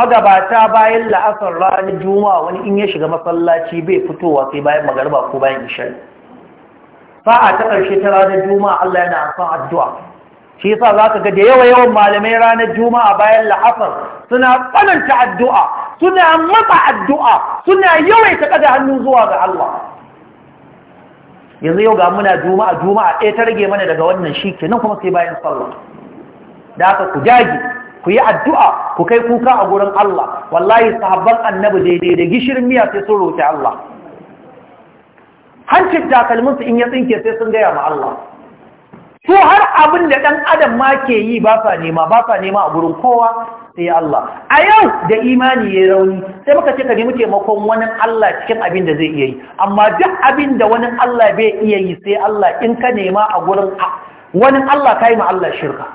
magabata bayan la'asar ranar juma'a wani in ya shiga masallaci bai fitowa sai bayan magarba ko bayan isha'i sa'a ta ƙarshe ta ranar juma'a Allah yana son addu'a shi yasa zaka ga da yawa yawan malamai ranar juma'a bayan la'asar suna tsananta addu'a suna matsa addu'a suna yawaita kada hannu zuwa ga Allah yanzu yau ga muna juma'a juma'a ɗaya ta rage mana daga wannan shi kenan kuma sai bayan sallah da haka ku jage ku yi addu'a ku kai kuka a gurin Allah wallahi sahabban annabi daidai da gishirin miya sai sun roƙi Allah hancin takalminsu in ya tsinke sai sun gaya ma Allah su har abin da ɗan adam ma ke yi ba sa nema ba sa nema a gurin kowa sai Allah a yau da imani ya rauni sai muka ce ka nemi taimakon wani Allah cikin abin da zai iya yi amma duk abin da wani Allah bai iya yi sai Allah in ka nema a gurin wani Allah ka yi ma Allah shirka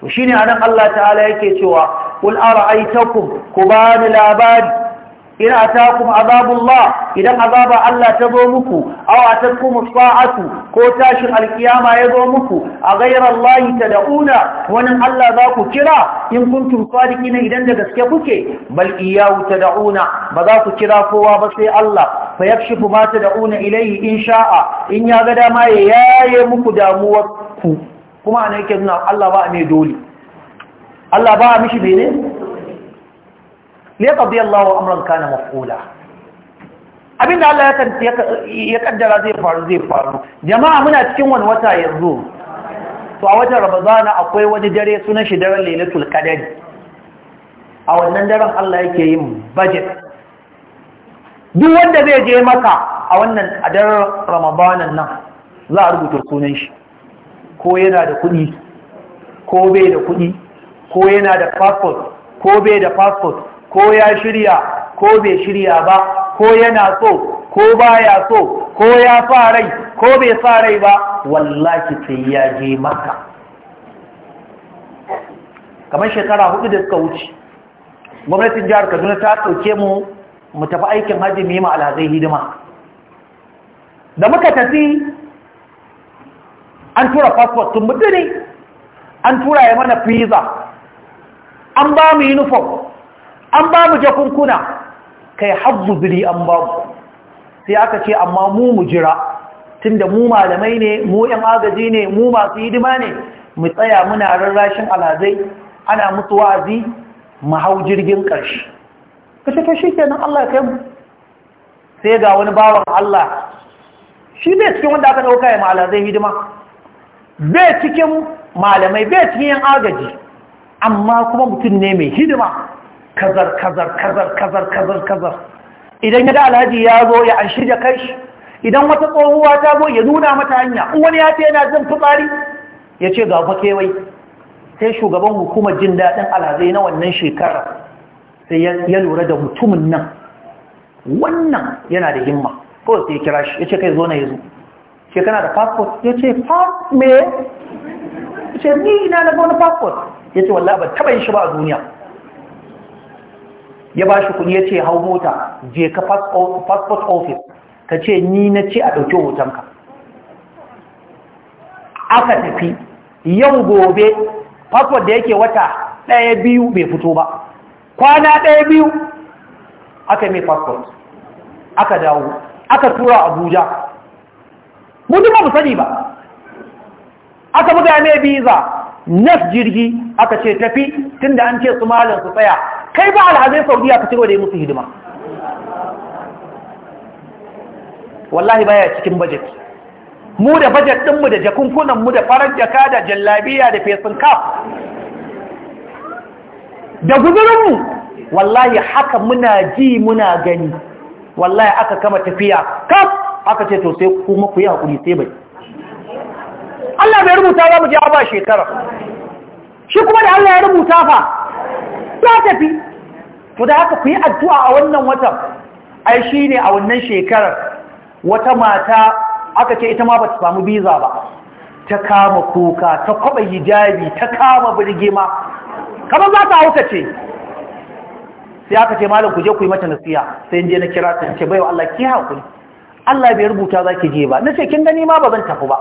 to shine anan Allah ta'ala yake cewa qul ara'aytakum ku bani labari ina atakum azabullah idan azaba Allah ta zo muku aw atakum sa'atu ko tashin alkiyama ya zo muku a ghayra ta tad'una wannan Allah za ku kira in kuntum sadiqina idan da gaske kuke bal iyahu tad'una ba za ku kira kowa ba sai Allah fa yakshifu ma tad'una ilayhi in sha'a in ya ga dama ya yaye muku damuwar ku kuma anan yake nuna Allah ba a mai dole Allah ba a mishi bene ne qadi Allahu amuran kana maf'ula abinda Allah ya kaddara zai faru zai faru jama'a muna cikin wani wata yanzu to a watan Ramadan akwai wani dare sunan shi daren Lailatul Qadr a wannan daren Allah yake yin budget duk wanda zai je maka a wannan a daren Ramadanan nan za a rubuta sunan shi ko yana da kuɗi ko bai da kuɗi ko yana da passport ko bai da passport ko ya shirya ko bai shirya ba ko yana so ko baya so ko ya sa rai ko bai sa rai ba wallahi sai ya je maka kamar shekara hudu da suka wuce gwamnatin jihar kaduna ta sauke mu mu tafi aikin hajji mu yi hidima da muka tafi an tura passport tun mutu ne an tura ya mana visa an ba mu uniform an ba mu jakunkuna kai habbu biri an ba mu sai aka ce amma mu mu jira tunda mu malamai ne mu yan agaji ne mu masu hidima ne mu tsaya muna rarrashin alhazai ana musu wa'azi mu hau jirgin ƙarshe kace to shikenan Allah kai mu sai ga wani bawan Allah shi ne cikin wanda aka dauka ya malazai hidima bai cikin malamai bai cikin yan agaji amma kuma mutum ne mai hidima kazar kazar kazar kazar kazar kazar idan ya alhaji ya zo ya anshi da kai idan wata tsohuwa ta zo ya nuna mata hanya wani ya ce yana jin fitsari ya ce ga fa kewai sai shugaban hukumar jin daɗin alhazai na wannan shekara sai ya lura da mutumin nan wannan yana da himma kawai sai ya kira shi ya ce kai zo na yanzu zo ke kana da passport ya ce me ya ce ni ina na wani passport ya ce wallah ba taɓa yin shi ba a duniya ya ba shi kuɗi ya ce hau mota je ka passport office ka ce ni na ce a ɗauke hotonka aka tafi yau gobe passport da yake wata ɗaya biyu bai fito ba kwana ɗaya biyu aka mai passport aka dawo aka tura abuja mutu ba sani ba aka buga mai biza nas jirgi aka ce tafi tun da an ce su malar su tsaya kai ba alhazai saudiya ka cigaba da yi musu hidima wallahi baya cikin bajet. mu da bajet ɗinmu da jakunkunanmu da farar jaka da jallabiya da fesin kaf da guzurinmu wallahi haka muna ji muna gani wallahi aka kama tafiya kaf aka ce to sai kuma ku yi hakuri sai bai Allah bai rubuta za mu a ba shekara shi kuma da Allah ya rubuta fa ta tafi to da haka ku yi addu'a a wannan watan ai shi ne a wannan shekarar wata mata aka ce ita ma ba ta samu biza ba ta kama kuka ta kwaba hijabi ta kama birgima kamar za ta hauka ce sai aka ce malam ku je ku yi mata nasiya sai je na kira ta ce baiwa Allah ki hakuri Allah bai rubuta za ki je ba na ce kin gani ma ba zan tafi ba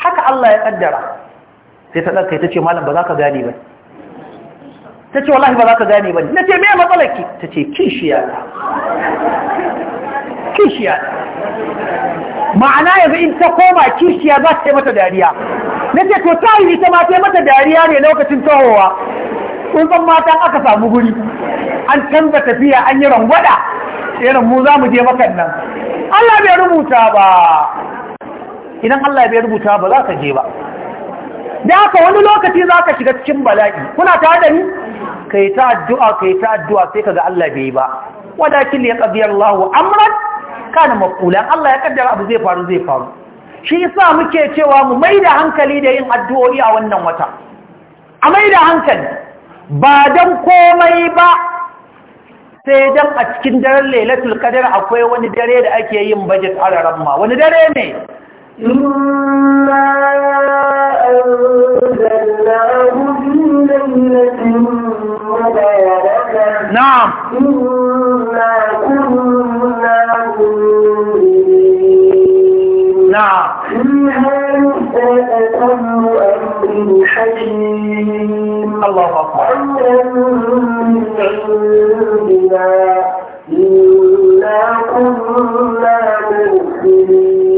haka Allah ya ƙaddara sai ta ɗan kai ce malam ba za ka gane ba ta ce wallahi ba za ka gane ba ne na ce me matsalar ki ta ce kishiya kishiya ma'ana yanzu in ta koma kishiya za ta yi mata dariya na ce to ta yi ta ma ta yi mata dariya ne lokacin tahowa kun san matan aka samu guri an canza tafiya an yi rangwada irin mu za mu je makan nan Allah bai rubuta ba idan Allah bai rubuta ba za ka je ba da aka wani lokaci za ka shiga cikin bala'i kuna tare da ni kai ta addu'a kai ta addu'a sai ka ga Allah bai ba wadakin Allah wa Allahu ka na maqulan Allah ya kaddara abu zai faru zai faru shi yasa muke cewa mu mai da hankali da yin addu'o'i a wannan wata a da hankali ba don komai ba sai don a cikin daren Lailatul kadar akwai wani dare da ake yin bajet a ramma wani dare ne إنا أنزلناه في ليلة نعم إنا كنا نعم فيها كل أمر حكيم الله أكبر من عندنا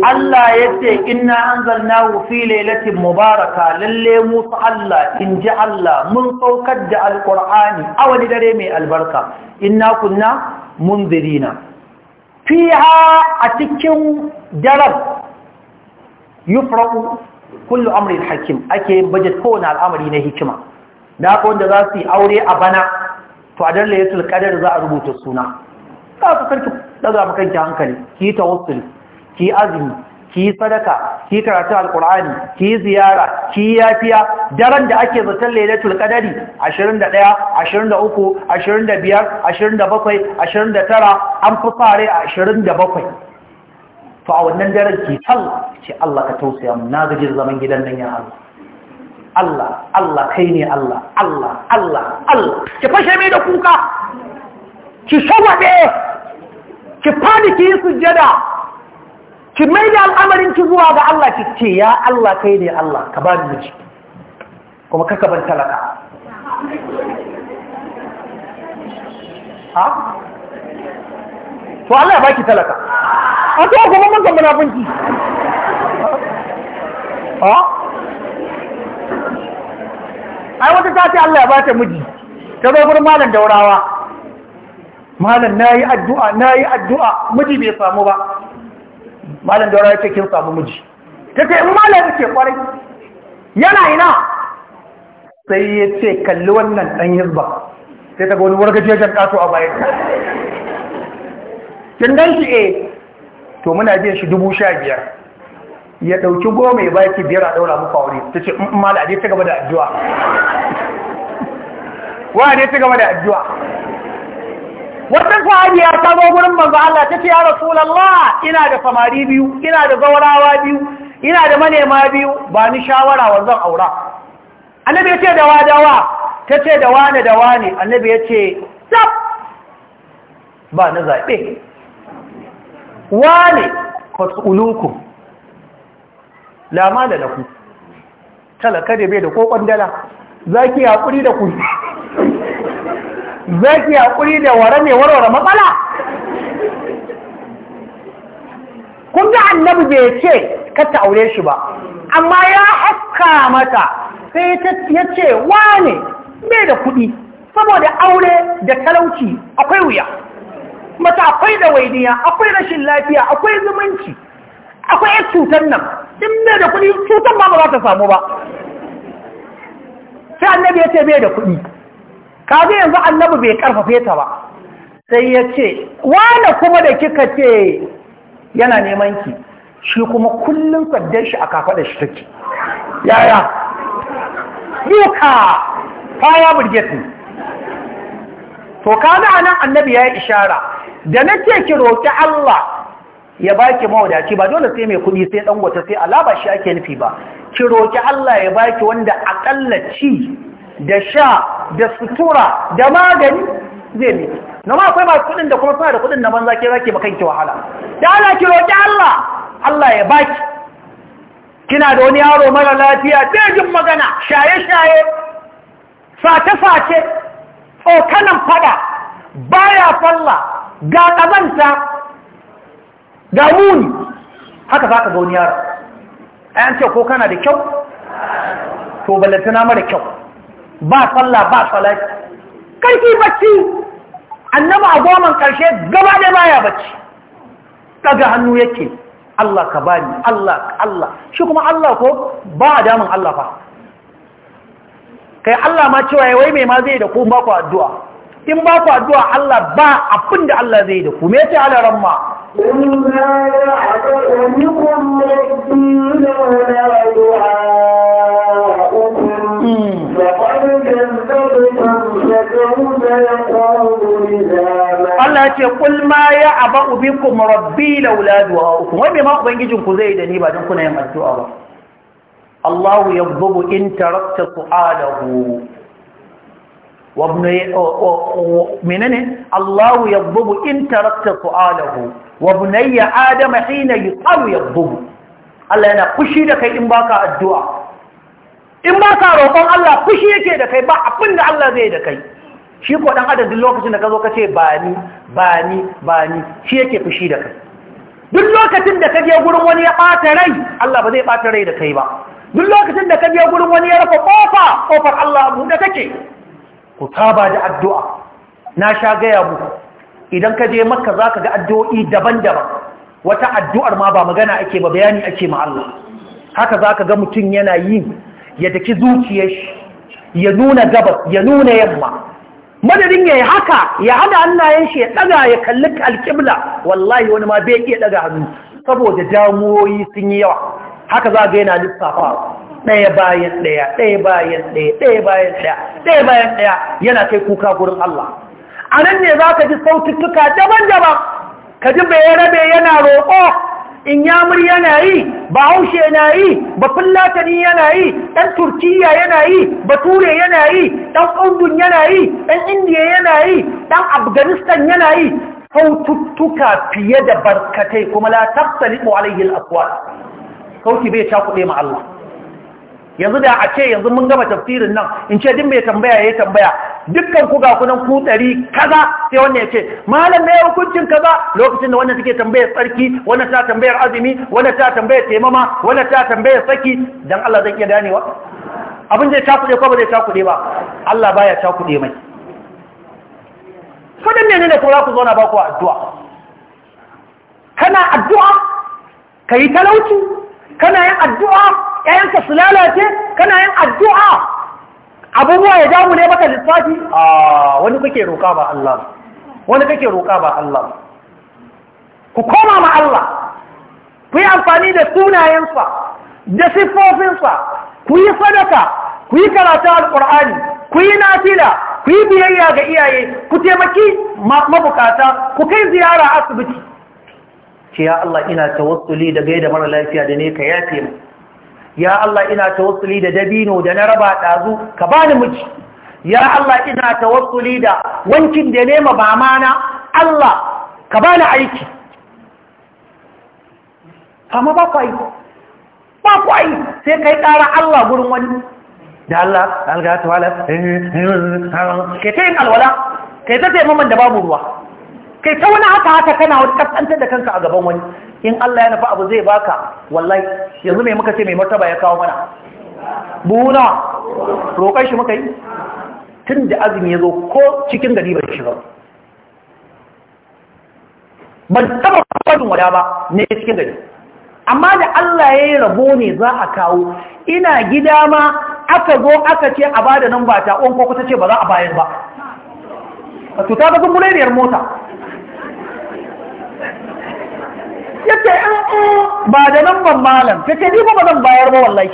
Allah ya ce inna anzalnahu fi lailatin mubaraka lalle musa Allah in ji Allah mun saukar da Alƙur'ani a wani dare mai albarka inna kunna munzirina fiha a cikin darab yufraqu kullu amrin hakim ake bajet kowane al'amari na hikima da haka wanda za su yi aure a bana to a dare lailatul qadar za a rubuta suna ka ka karki daga makanki hankali ki tawassul ki azumi ki sadaka ki karatu alqur'ani ki ziyara ki yafiya daren da ake zaton lailatul qadari 21 23 25 27 29 an fi fare a 27 to a wannan daren ki sallah ce Allah ka tausaya mu na gaji zaman gidan nan ya Allah Allah Allah kai ne Allah Allah Allah Allah ki fashe mai da kuka ki shagwaɗe ki fadi ki yi sujjada ki mai da al'amarin ki zuwa ga Allah ki ce ya Allah kai ne Allah ka ba ni miji kuma kaka ban talaka ha to Allah ya baki talaka a to kuma mun gamba nafinki ha ai wata ta ce Allah ya ba ta miji ta zo gurin malam daurawa malam na yi addu'a na yi addu'a miji bai samu ba malam da ya ce kin samu miji ta ce in malam ya ce kwarai yana ina sai ya ce kalli wannan ɗan yizba sai ta ga wani wargajejen ƙato a bayan kin gan shi eh to muna biyan shi dubu sha biyar ya ɗauki goma ya baki biyar a ɗaura muku aure ta ce in mm, mm, malam a dai ta gaba da addu'a (laughs) wa dai ta gaba da addu'a wata sahabiya ta zo gurin manzo Allah ta ce ya rasulullah ina da samari biyu ina da zaurawa biyu ina da manema biyu ba ni shawara zan aura annabi ya ce da wa dawa ta ce da wane da wane annabi ya ce tsaf ba na zaɓe wane fasulunku lama da laku talaka da bai da kokon dala za ki haƙuri da ku ya haƙuri da ware ne warware matsala kun ga annabi bai ce kata aure shi ba amma ya haska mata sai ya ce wane bai da kuɗi saboda aure da talauci akwai wuya mata akwai da wainiya akwai rashin lafiya akwai zumunci akwai yan cutar nan in me da kuɗi cutar ba ba za ta samu ba sai annabi ya ce bai da kuɗi kaga yanzu annabi bai karfafe ta ba sai ya ce wane kuma da kika ce yana neman ki shi kuma kullum saddarshi shi a da shi take yaya duka faya burgetin to kaga anan annabi ya yi ishara da na ce ki roƙi Allah ya baki mawadaci ba dole sai mai kuɗi sai ɗangwata sai alaba shi ake nufi ba ki roki Allah ya baki wanda aƙalla ci da sha da sutura da magani zai ne na ma akwai masu kudin da kuma suna da kudin na banza ke zake bakan ki wahala da ana ki roƙi Allah Allah ya baki kina da wani yaro mara lafiya dajin magana shaye-shaye sace-sace tsokanan fada baya falla ga ƙazanta ga muni haka za ka ga wani yaro ce ko kana da kyau to na mara kyau ba sallah ba salati karki bacci annaba a goman karshe gaba da baya bacci daga hannu yake Allah ka bani Allah Allah shi kuma Allah ko ba damun Allah fa kai Allah ma cewa wai mai ma zai da ku ba ku addu'a in ba ku addu'a Allah ba abin da Allah zai da ku me yace ala ramma inna la a'lamu Allah ce kul ma ya aba ubikum rabbi laula du'a'ukum wai ma ubangijin ku zai da ni ba dan kuna yin addu'a ba Allahu yabghu in tarakta su'alahu wa ibn menene Allahu yabghu in tarakta su'alahu wa bunayya adam hina yuqalu yabghu Allah yana kushi da kai in baka addu'a in baka roƙon Allah kushi yake da kai ba abinda Allah zai da kai shi ko dan adam duk lokacin da ka zo ka ce ba ni ba ni ba ni shi yake fushi da kai duk lokacin da ka je gurin wani ya ɓata rai Allah ba zai ɓata rai da kai ba duk lokacin da ka je gurin wani ya rafa kofa kofar Allah buɗe take ku saba da addu'a na sha gaya muku idan ka je makka za ka ga addu'o'i daban-daban wata addu'ar ma ba magana ake ba bayani ake ma Allah haka za ka ga mutum yana yin ya daki zuciyar shi ya nuna gabas ya nuna yamma madadin ya yi haka ya hada hannayen shi ya ɗaga ya kalli alƙibla wallahi wani ma bai iya ɗaga hannu saboda damuwoyi sun yi yawa haka za ga yana lissafa ɗaya bayan ɗaya ɗaya bayan ɗaya ɗaya bayan ɗaya ɗaya bayan ɗaya yana kai kuka gurin Allah a nan ne za ka ji saututtuka daban-daban ka ji bai rabe yana roƙo inyamur yana yi bahaushe yana yi fulatani yana yi ɗan turkiya yana yi bature yana yi ɗan ƙundun yana yi ɗan indiya yana yi ɗan afghanistan yana yi saututtuka fiye da barkatai kuma la tafsalibu alaihi al-aqwal sauti bai cakuɗe ma Allah yanzu da a ce yanzu mun gama tafsirin nan in ce din mai tambaya ya tambaya dukkan ku ga kunan ku ɗari kaza sai wannan ya ce malam mai hukuncin kaza lokacin da wannan take tambayar tsarki wannan ta tambayar azumi wannan ta tambayar taimama wannan ta tambayar saki dan Allah zai iya ganewa abin zai cakuɗe ko ba zai cakuɗe ba Allah baya cakuɗe mai kudin ne ne ko za ku zauna ba ku addu'a kana addu'a kai talauci kana yin addu'a ƴaƴanka su lalace kana yin addu'a abubuwa ya damu ne maka lissafi a wani kake roƙa ba Allah wani kake roƙa ba Allah ku koma ma Allah ku yi amfani da sunayensa da siffofinsa ku yi sadaka ku yi karatu alƙur'ani ku yi nafila ku yi biyayya ga iyaye ku taimaki mabukata ku kai ziyara asibiti ce ya Allah ina tawassuli da gaida mara lafiya da ne ka yafe mu ya Allah ina tawassuli da dabino da na raba ɗazu ka bani miji ya Allah ina tawassuli da wankin da nema mamana Allah ka bani aiki amma ba ku ba ku aiki sai kai ƙara Allah gurin wani da Allah algata wala ke ta yin alwala kai ta taimaman da babu ruwa kai ta wani haka haka kana wani kasantar da kanka a gaban wani in Allah ya nufi abu zai baka wallahi yanzu mai muka ce mai martaba ya kawo mana buhuna roƙon shi muka yi tun da azumi ya zo ko cikin gari bai shiga ban taba kwanin wada ba ne cikin gari amma da Allah ya yi rabo ne za a kawo ina gida ma aka zo aka ce a bada nan ba ta on ko ta ce ba za a bayar ba a tuta ga zumbuleniyar mota yace an ah, ah, ba da nan ban malam ta ce ni ba zan bayar ba wallahi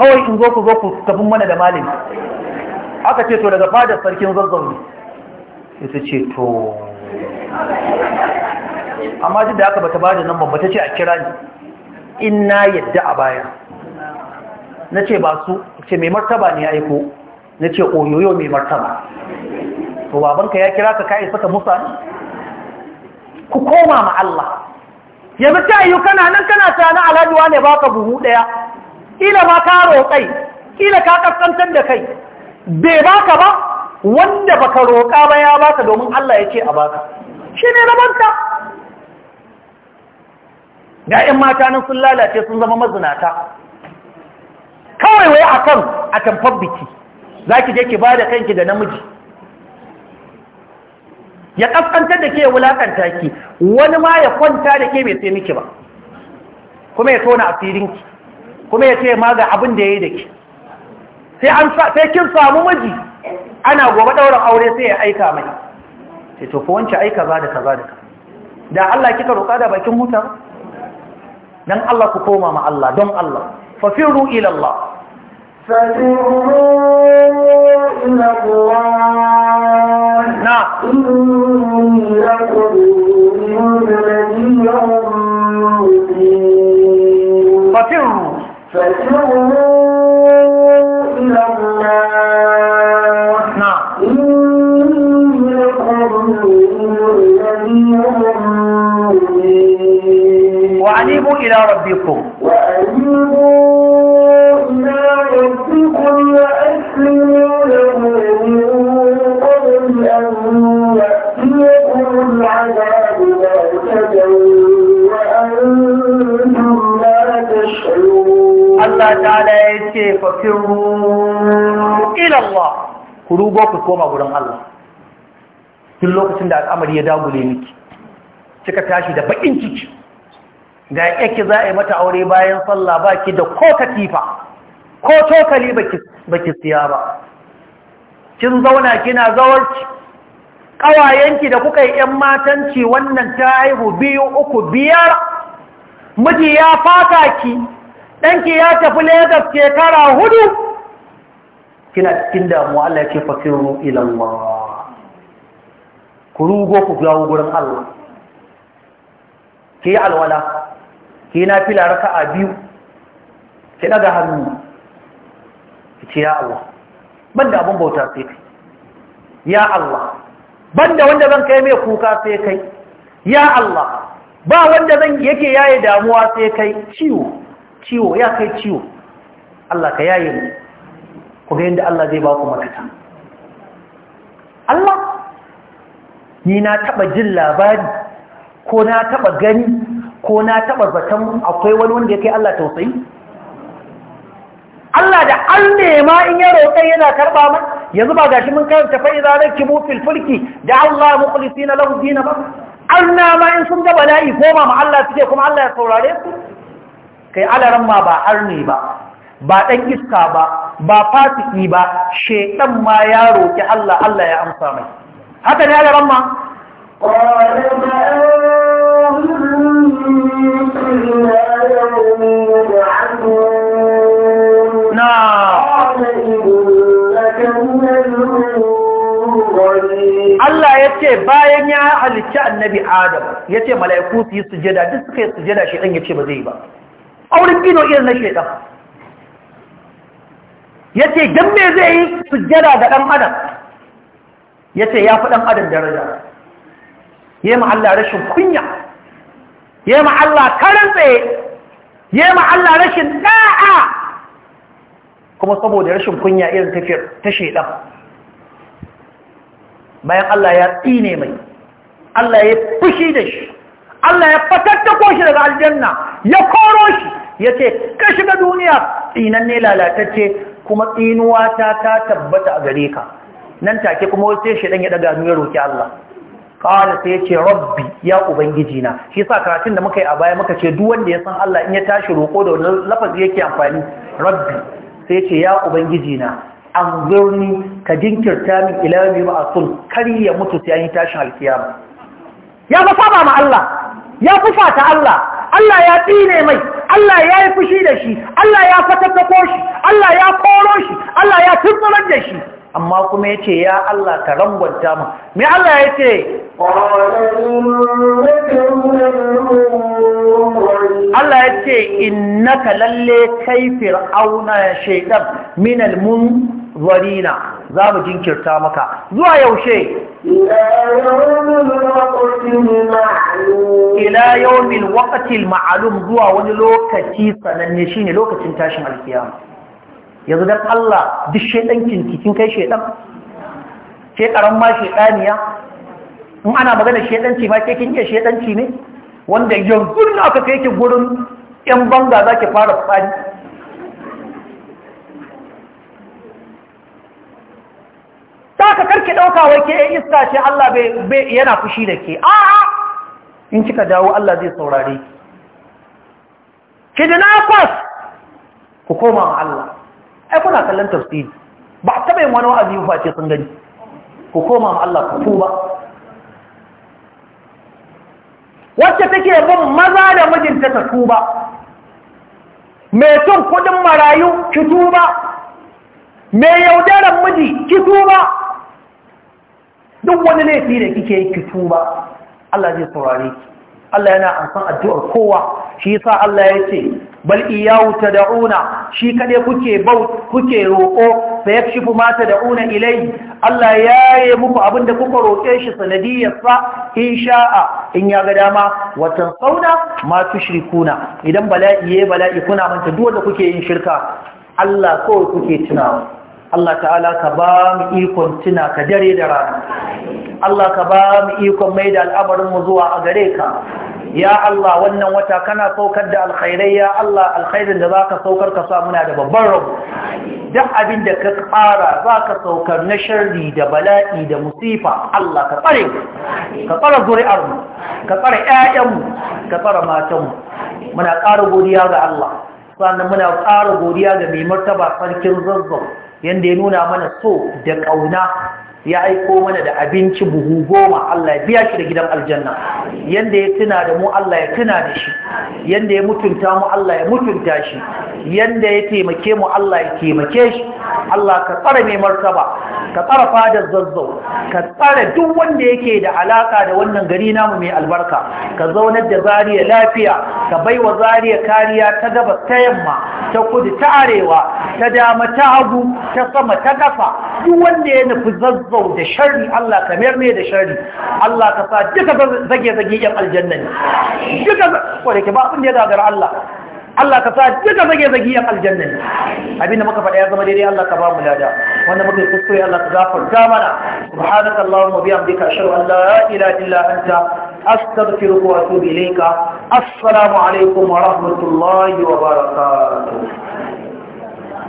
kawai in zo ku zo ku tafi mana da malami aka ce to daga fadar sarkin zazzau ne ta ce to amma duk da aka bata bada nan ban ta ce a kira ni in na yadda a baya na ce ba su ce mai martaba ne ya aiko na ce oyoyo mai martaba to babanka ya kira ka kayi saka musa ku koma ma Allah yanzu ta yiwu kana nan kana tunanin ne ba baka buhu ɗaya Ƙila ma ka roƙai kila ka ƙasƙantar da kai bai baka ba wanda baka roƙa ba ya baka domin Allah ya ce a baka shi ne rabanta ga ‘yan mata nan sun lalace sun zama mazinata kawai wai akan a tamfar biki za ki je ki ba da kanki da namiji ya kaskantar da ke wulakanta ki wani ma ya kwanta da ke bai sai miki ba kuma ya tona asirinki kuma ya ce ma ga abin da ya yi da ki sai kin samu miji ana gobe ɗaurin aure sai ya aika mai sai to wance aika za da ka za da ka da Allah kika roƙa da bakin huta Don Allah ku koma ma Allah don Allah fafiru ila Allah فادعوا إلى الله نعم إني لكم نذير مبين ففروا ففروا إلى الله نعم إني لكم نذير مبين وأنيبوا إلى ربكم Allah ta'ala ya ce fafiru ilallah ku rugo ku koma wurin Allah tun lokacin da al'amari ya dagule miki kika tashi da bakin ciki ga yake za a yi mata aure bayan sallah baki da ko katifa ko tokali baki siya ba kin zauna kina zawarci ƙawayenki da kuka yi ‘yan matanci wannan ta haihu biyu uku biyar miji ya fata ki ɗanki ya tafi Legas shekara hudu kina cikin damuwa Allah ya ce ila ilallah ku rugo ku dawo gurin Allah ki alwala ki na fila raka'a biyu ki daga hannu ki ce ya Allah banda abin bauta sai kai ya Allah banda wanda zan kai mai kuka sai kai ya Allah ba wanda zan yake yaye damuwa sai kai ciwo ciwo ya kai ciwo Allah ka yaye mu ku ga yadda Allah zai ba ku makata Allah ni na taba jin labari ko na taba gani ko na taba zaton akwai wani wanda ya kai Allah tausayi Allah da an nema in ya roƙa yana karɓa mai yanzu ba gashi mun kai tafai fa'iza na kibu fulki, da Allah mukulisi na lahu dina ba an nama in sun ga bala'i koma ma Allah suke kuma Allah ya saurare su kai alaran ma ba arni ba ba ɗan iska ba ba fasiki ba shekan ma ya roƙi Allah Allah ya amsa mai haka ne alaran ma Allah ya ce bayan ya halicci annabi Adam ya ce mala'iku su yi sujada duk suka yi sujada shi ɗan ya ce ba zai ba auren bino irin na shaidan ya ce don me zai yi sujjada ga ɗan adam ya ce ya fi ɗan adam daraja ya yi Allah rashin kunya ya yi Allah karin tsaye ya yi Allah rashin ɗa'a kuma saboda rashin kunya irin tafiyar ta shaidan bayan Allah ya tsine mai Allah ya fushi da shi Allah ya fatattako shi daga aljanna ya koro shi ya ce ka shiga duniya tsinan ne lalatacce kuma tsinuwa ta ta tabbata a gare ka nan take kuma wasu shi dan ya daga ya roƙi Allah kawai sai ya ce rabbi ya ubangiji na shi sa karatun da muka yi a baya muka ce duk wanda ya san Allah in ya tashi roƙo da wani lafazi yake amfani rabbi sai ya ce ya ubangiji na an zurni ka jinkirta min ilami ba sun kar ya mutu sai an yi tashin alkiyama ya fa saba ma Allah ya fufata ta Allah Allah ya tsine mai Allah ya yi fushi da shi Allah ya fatattako shi Allah ya koro shi Allah ya tumbular da shi amma kuma ya ce ya Allah ka rangwanta mu mai Allah ya ce Allah ya ce innaka lalle kai fir'auna shaidan minal munzarina za mu jinkirta maka zuwa yaushe ila yawmil waqtil ma'lum zuwa wani lokaci sananne shine lokacin tashin alkiyama yanzu dan Allah duk shaidancin kin kai shaidan ke karan ma shaidaniya in ana magana shaidanci ma ke kin shaidanci ne wanda yanzu na aka kai ki gurin yan banga zaki fara tsari? ta ka karki ɗauka wai ke iska ce Allah bai yana fushi da ke a in kika dawo Allah zai saurare ki kwas ku koma wa Allah ai kuna kallon tafsiri ba taɓa yin wani wa'azi ba ce sun gani ku koma ma Allah ku tuba wacce take bin maza da mijinta ta tuba mai son kuɗin marayu ki tuba mai yaudaran miji ki tuba duk wani laifi da kike yi ki tuba Allah zai saurare ki Allah yana amsan addu'ar kowa shi yasa Allah ya ce bal iyahu tad'una shi kade kuke bau kuke roko fa yakshifu ma tad'una ilai Allah yaye muku abinda kuka roke shi sanadiyar sa insha'a in ya ga dama wa sauna, ma tushrikuna idan bala'i ye bala'i kuna manta duk wanda kuke yin shirka Allah ko kuke tuna! Allah ta'ala ka ba mu ikon tuna ka dare da rana Allah ka ba mu ikon mai da al'amarinmu zuwa a gare ka ya Allah wannan wata kana saukar da alkhairai ya Allah alkhairin da zaka saukar ka sa muna da babban rabo duk abin da ka ƙara zaka saukar na sharri da bala'i da musifa Allah ka tsare ka tsare zuri'ar mu ka tsare ƴaƴan mu ka tsare matan mu muna ƙara godiya ga Allah sannan muna ƙara godiya ga mai martaba sarkin zazzau yanda ya nuna mana so da ƙauna ya aiko mana da abinci buhu goma Allah ya biya shi da gidan aljanna yanda ya tuna da mu Allah ya tuna da shi yanda ya mutunta mu Allah ya mutunta shi yanda ya taimake mu Allah ya taimake shi Allah ka tsara mai martaba ka tsara fadar zazzau ka tsara duk wanda yake da alaka da wannan gari namu mai albarka ka zaunar da zariya lafiya ka baiwa zariya kariya ta gabas ta yamma ta kudu ta arewa ta dama ta hagu ta sama ta kafa duk wanda ya nufi zazzau zazzau da shari Allah ka mayar mai da shari Allah ka sa duka zage zage yan aljanna ne duka kware ke ba abin da ya gagara Allah Allah ka sa duka zage zage yan aljanna ne abinda muka faɗa ya zama daidai Allah ka ba mu lada wanda muka kuskure Allah ka gafarta mana subhanaka allahumma bihamdika ashhadu an la ilaha illa anta astaghfiruka wa atubu ilayka assalamu alaikum wa rahmatullahi wa barakatuh